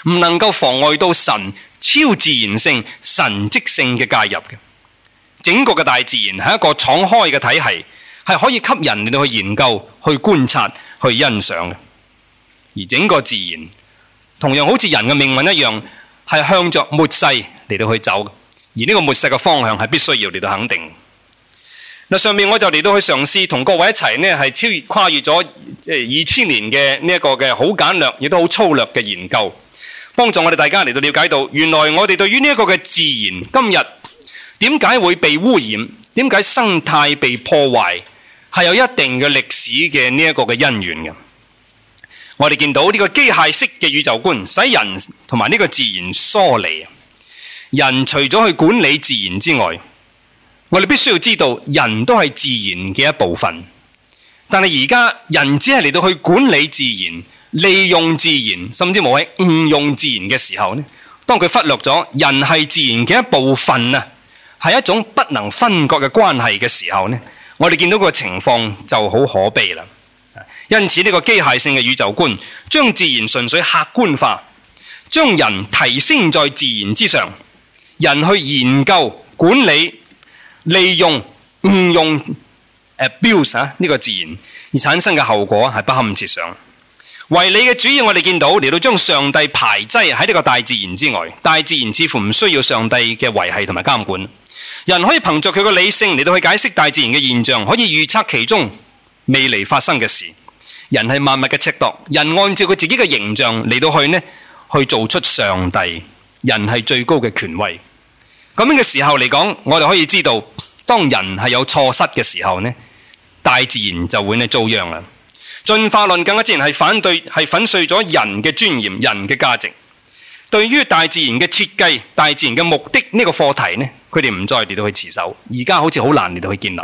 唔能夠妨礙到神超自然性、神蹟性嘅介入嘅。整個嘅大自然係一個敞開嘅體系，係可以給人哋去研究、去觀察、去欣賞嘅。而整個自然。同樣好似人嘅命運一樣，係向着末世嚟到去走，而呢個末世嘅方向係必須要嚟到肯定。嗱，上面我就嚟到去嘗試同各位一齊呢係超越跨越咗即二千年嘅呢一個嘅好簡略，亦都好粗略嘅研究，幫助我哋大家嚟到了解到，原來我哋對於呢一個嘅自然今日點解會被污染，點解生態被破壞，係有一定嘅歷史嘅呢一個嘅因緣嘅。我哋見到呢個機械式嘅宇宙觀，使人同埋呢個自然疏離。人除咗去管理自然之外，我哋必須要知道人都係自然嘅一部分。但係而家人只係嚟到去管理自然、利用自然，甚至冇喺誤用自然嘅時候呢，當佢忽略咗人係自然嘅一部分啊，係一種不能分割嘅關係嘅時候呢，我哋見到個情況就好可悲啦。因此，呢個機械性嘅宇宙觀，將自然純粹客觀化，將人提升在自然之上，人去研究、管理、利用、誤用誒，abuse 啊呢，這個自然而產生嘅後果係不堪設想。唯理嘅主義，我哋見到嚟到將上帝排擠喺呢個大自然之外，大自然似乎唔需要上帝嘅維繫同埋監管。人可以憑著佢嘅理性嚟到去解釋大自然嘅現象，可以預測其中未來發生嘅事。人係萬物嘅尺度，人按照佢自己嘅形象嚟到去呢，去做出上帝。人係最高嘅權威。咁樣嘅時候嚟講，我哋可以知道，當人係有錯失嘅時候呢，大自然就會呢遭殃啦。進化論更加自然係反對，係粉碎咗人嘅尊嚴，人嘅價值。對於大自然嘅設計，大自然嘅目的呢個課題呢，佢哋唔再嚟到去持守，而家好似好難嚟到去建立。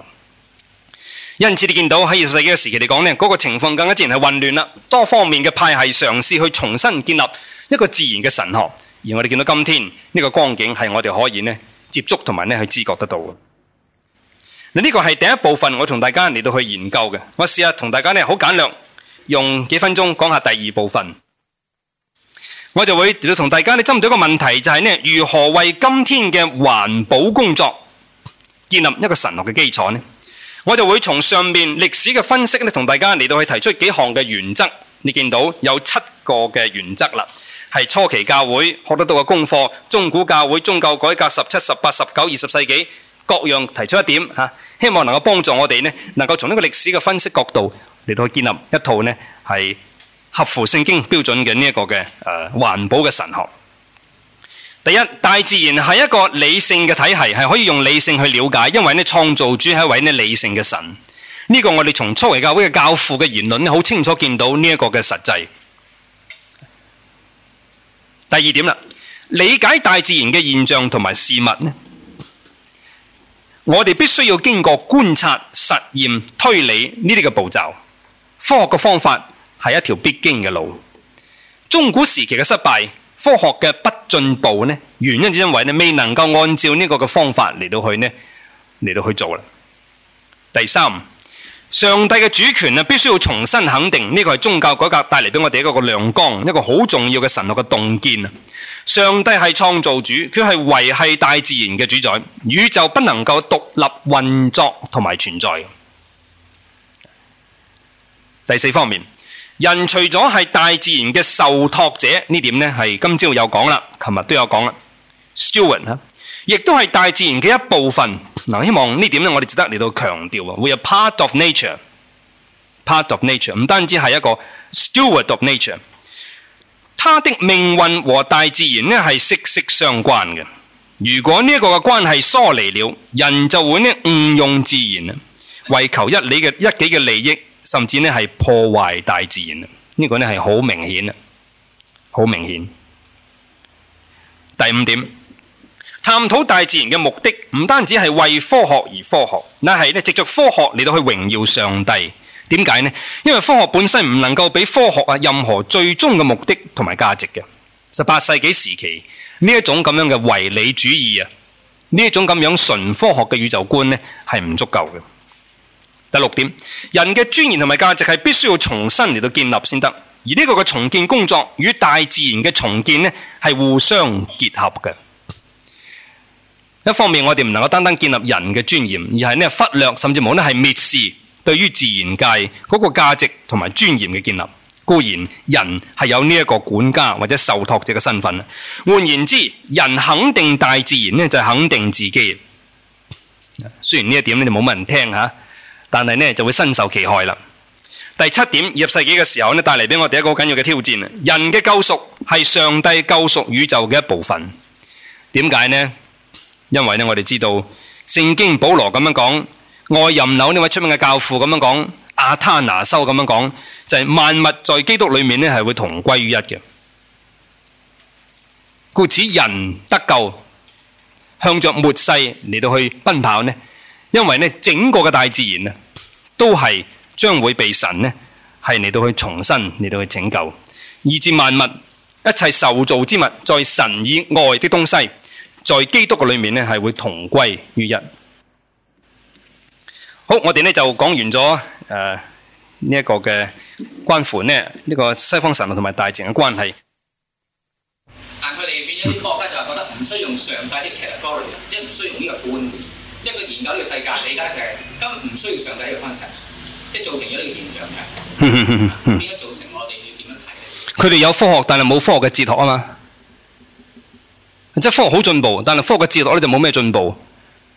因此你，你見到喺二十世紀嘅時期嚟講，呢個情況更加自然係混亂啦。多方面嘅派系嘗試去重新建立一個自然嘅神學，而我哋見到今天呢個光景係我哋可以接觸同埋去知覺得到嘅。呢個係第一部分我，我同大家嚟到去研究嘅。我試下同大家好簡略，用幾分鐘講下第二部分。我就會同大家呢針對一個問題，就係呢如何為今天嘅環保工作建立一個神學嘅基礎呢？我就會從上面歷史嘅分析咧，同大家嚟到去提出幾項嘅原則。你見到有七個嘅原則啦，係初期教會學得到嘅功課，中古教會、宗教改革、十七、十八、十九、二十世紀各樣提出一點吓，希望能夠幫助我哋呢，能夠從呢個歷史嘅分析角度嚟到去建立一套呢係合乎聖經標準嘅呢一個嘅誒、呃、環保嘅神學。第一，大自然係一個理性嘅體系，係可以用理性去了解，因為呢創造主係一位呢理性嘅神。呢、呢個我哋從初維教會嘅教父嘅言論，好清楚見到呢一個嘅實際。第二點啦，理解大自然嘅現象同埋事物呢，我哋必須要經過觀察、實驗、推理呢啲嘅步驟。科學嘅方法係一條必經嘅路。中古時期嘅失敗。科學嘅不進步呢，原因只因為你未能夠按照呢個嘅方法嚟到去呢嚟到去做啦。第三，上帝嘅主權必須要重新肯定。呢個係宗教改革帶嚟俾我哋一個亮光，一個好重要嘅神學嘅洞見啊！上帝係創造主，佢係維繫大自然嘅主宰，宇宙不能夠獨立運作同埋存在。第四方面。人除咗係大自然嘅受託者呢點呢係今朝有講啦，琴日都有講啦。Steward 吓，亦都係大自然嘅一部分。嗱，希望呢點呢，我哋值得嚟到強調啊。會有 part of nature，part of nature 唔單止係一個 steward of nature，他的命運和大自然呢係息息相關嘅。如果呢一個嘅關係疏離了，人就會呢誤用自然啊，為求一己嘅一己嘅利益。甚至咧係破壞大自然呢，呢個咧係好明顯啊，好明顯。第五點，探討大自然嘅目的唔單止係為科學而科學，但係咧藉著科學嚟到去榮耀上帝。點解呢？因為科學本身唔能夠俾科學啊任何最終嘅目的同埋價值嘅。十八世紀時期呢一種咁樣嘅唯理主義啊，呢一種咁樣純科學嘅宇宙觀呢係唔足夠嘅。第六點，人嘅尊嚴同埋價值係必須要重新嚟到建立先得，而呢個嘅重建工作與大自然嘅重建呢係互相結合嘅。一方面，我哋唔能夠單單建立人嘅尊嚴，而係呢忽略甚至冇呢係蔑視對於自然界嗰個價值同埋尊嚴嘅建立。固然，人係有呢一個管家或者受託者嘅身份。換言之，人肯定大自然呢就係肯定自己。雖然呢一點你哋冇乜人聽吓。但係呢，就會身受其害啦。第七點，入世紀嘅時候呢，帶嚟俾我哋一個好緊要嘅挑戰，人嘅救贖係上帝救贖宇宙嘅一部分。點解呢？因為呢，我哋知道聖經保羅咁樣講，愛任紐呢位出名嘅教父咁樣講，亞他那修咁樣講，就係萬物在基督裏面呢係會同歸於一嘅。故此，人得救，向着末世嚟到去奔跑呢，因為呢整個嘅大自然啊。都係將會被神呢，係嚟到去重新嚟到去拯救。二至萬物，一切受造之物，在神以外的東西，在基督嘅裏面呢，係會同歸於一。好，我哋呢就講完咗誒、呃這個、呢一個嘅關乎呢呢個西方神學同埋大自然嘅關係。但佢哋變咗啲國家就係覺得唔需要用上帝啲 category 即係唔需要呢個觀念。研究呢個世界，你而家就係根本唔需要上帝呢個分析，即係造成咗呢個現象嘅。邊一組成我哋點樣睇佢哋有科學，但係冇科學嘅哲學啊嘛。即係科學好進步，但係科學嘅哲學咧就冇咩進步。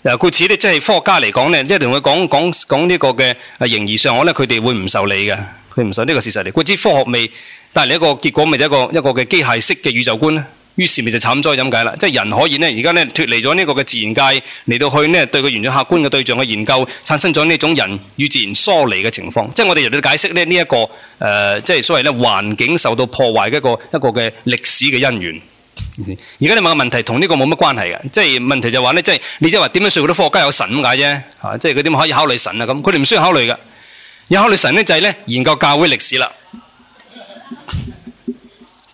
嗱，故此咧，即係科學家嚟講咧，即係同佢講講講呢個嘅形而上學咧，佢哋會唔受理嘅。佢唔受呢個事實嚟。故知科學未帶嚟一個結果，未一個一個嘅機械式嘅宇宙觀咧。於是咪就慘咗咁解啦！即係人可以咧，而家咧脱離咗呢個嘅自然界嚟到去咧，對佢完全客觀嘅對象嘅研究，產生咗呢種人與自然疏離嘅情況。即係我哋入去解釋咧、這個，呢一個誒，即係所謂咧環境受到破壞嘅一個一個嘅歷史嘅因緣。而、嗯、家你問嘅問題，同呢個冇乜關係嘅，即係問題就話咧、啊，即係你即係話點樣説嗰啲科學家有神咁解啫？嚇，即係佢點可以考慮神啊？咁佢哋唔需要考慮嘅，要考慮神咧就係、是、咧研究教會歷史啦。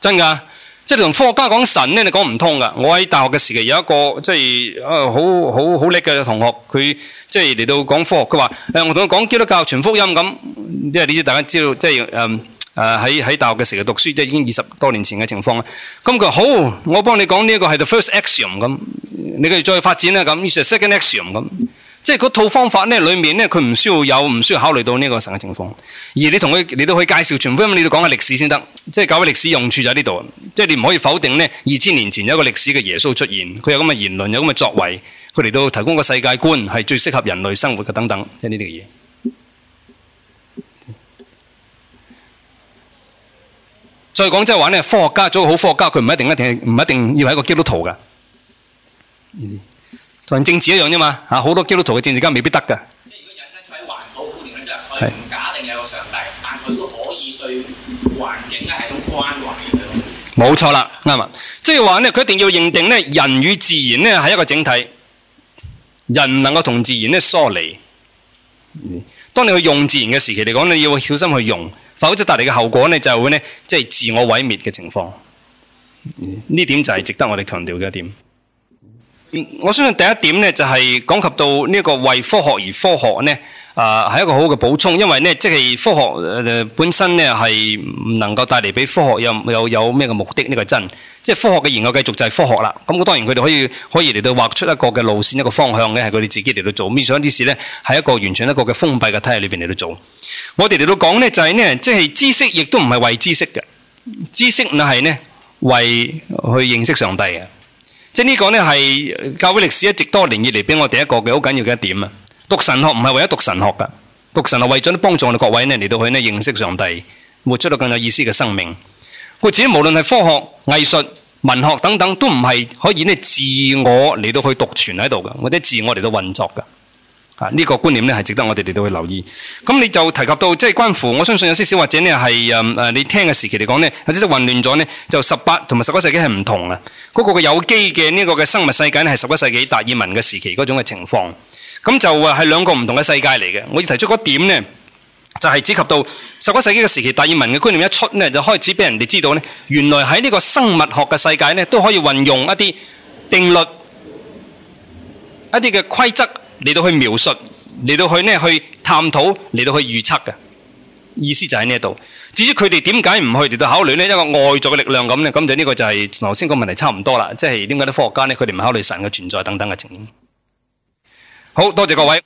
真噶、啊。即係同科學家講神咧，你講唔通噶。我喺大學嘅時期有一個即係啊，好好好叻嘅同學，佢即係嚟到講科學，佢話：誒，我同佢講基督教全福音咁，即係你知大家知道，即係誒喺喺大學嘅時候讀書，即係已經二十多年前嘅情況啦。咁佢話好，我幫你講呢一個係 the first axiom 咁，你哋再發展啦咁，意思係 second axiom 咁。即係嗰套方法咧，裏面咧佢唔需要有，唔需要考慮到呢個神嘅情況。而你同佢，你都可以介紹全部，因為你都講下歷史先得。即係搞個歷史用處就喺呢度。即係你唔可以否定呢，二千年前有一個歷史嘅耶穌出現，佢有咁嘅言論，有咁嘅作為，佢嚟到提供個世界觀係最適合人類生活嘅等等。即係呢啲嘢。再講即係話呢，科學家做好科學家，佢唔一定一定唔一定要係一個基督徒噶。同政治一樣啫嘛，吓好多基督徒嘅政治家未必得㗎。即係如果喺環保，佢唔假定有個上帝，但佢都可以對環境係一種關懷。冇錯啦，啱啊！即係話呢，佢一定要認定呢，人與自然呢係一個整體，人能夠同自然呢疏離。嗯、當你去用自然嘅時期嚟講，你要小心去用，否則帶嚟嘅後果呢就會呢，即係自我毀滅嘅情況。呢點就係值得我哋強調嘅一點。我相信第一點咧，就係講及到呢一個為科學而科學咧，啊，係一個好嘅補充，因為咧，即係科學呃本身咧係唔能夠帶嚟俾科學有有有咩嘅目的呢個真，即係科學嘅研究繼續就係科學啦。咁我當然佢哋可以可以嚟到畫出一個嘅路線一個方向嘅，係佢哋自己嚟到做，面上啲事咧係一個完全一個嘅封閉嘅體系裏邊嚟到做。我哋嚟到講咧就係呢，即係知識亦都唔係為知識嘅，知識嗱係呢，為去認識上帝嘅。即呢個呢，係教會歷史一直多年以嚟俾我哋一個嘅好緊要嘅一點啊！讀神學唔係為咗讀神學噶，讀神學為咗幫助我哋各位呢嚟到去認識上帝，活出到更有意思嘅生命。或者無論係科學、藝術、文學等等，都唔係可以呢自我嚟到去獨存喺度嘅，或者自我嚟到運作嘅。啊！呢、這個觀念咧係值得我哋哋都去留意。咁你就提及到，即係關乎，我相信有些少或者呢，係，誒，誒，你聽嘅時期嚟講呢，或者啲混亂咗呢，就十八同埋十九世紀係唔同嘅。嗰、那個嘅有機嘅呢個嘅生物世界呢，係十九世紀達爾文嘅時期嗰種嘅情況。咁就話係兩個唔同嘅世界嚟嘅。我要提出嗰點呢，就係、是、涉及到十九世紀嘅時期，達爾文嘅觀念一出呢，就開始俾人哋知道呢，原來喺呢個生物學嘅世界呢，都可以運用一啲定律、一啲嘅規則。嚟到去描述，嚟到去呢去探討，嚟到去預測嘅意思就喺呢度。至於佢哋點解唔去嚟到考慮呢一個外在嘅力量咁咧，咁就呢個就係頭先個問題差唔多啦。即係點解啲科學家咧，佢哋唔考慮神嘅存在等等嘅情形。好多謝各位。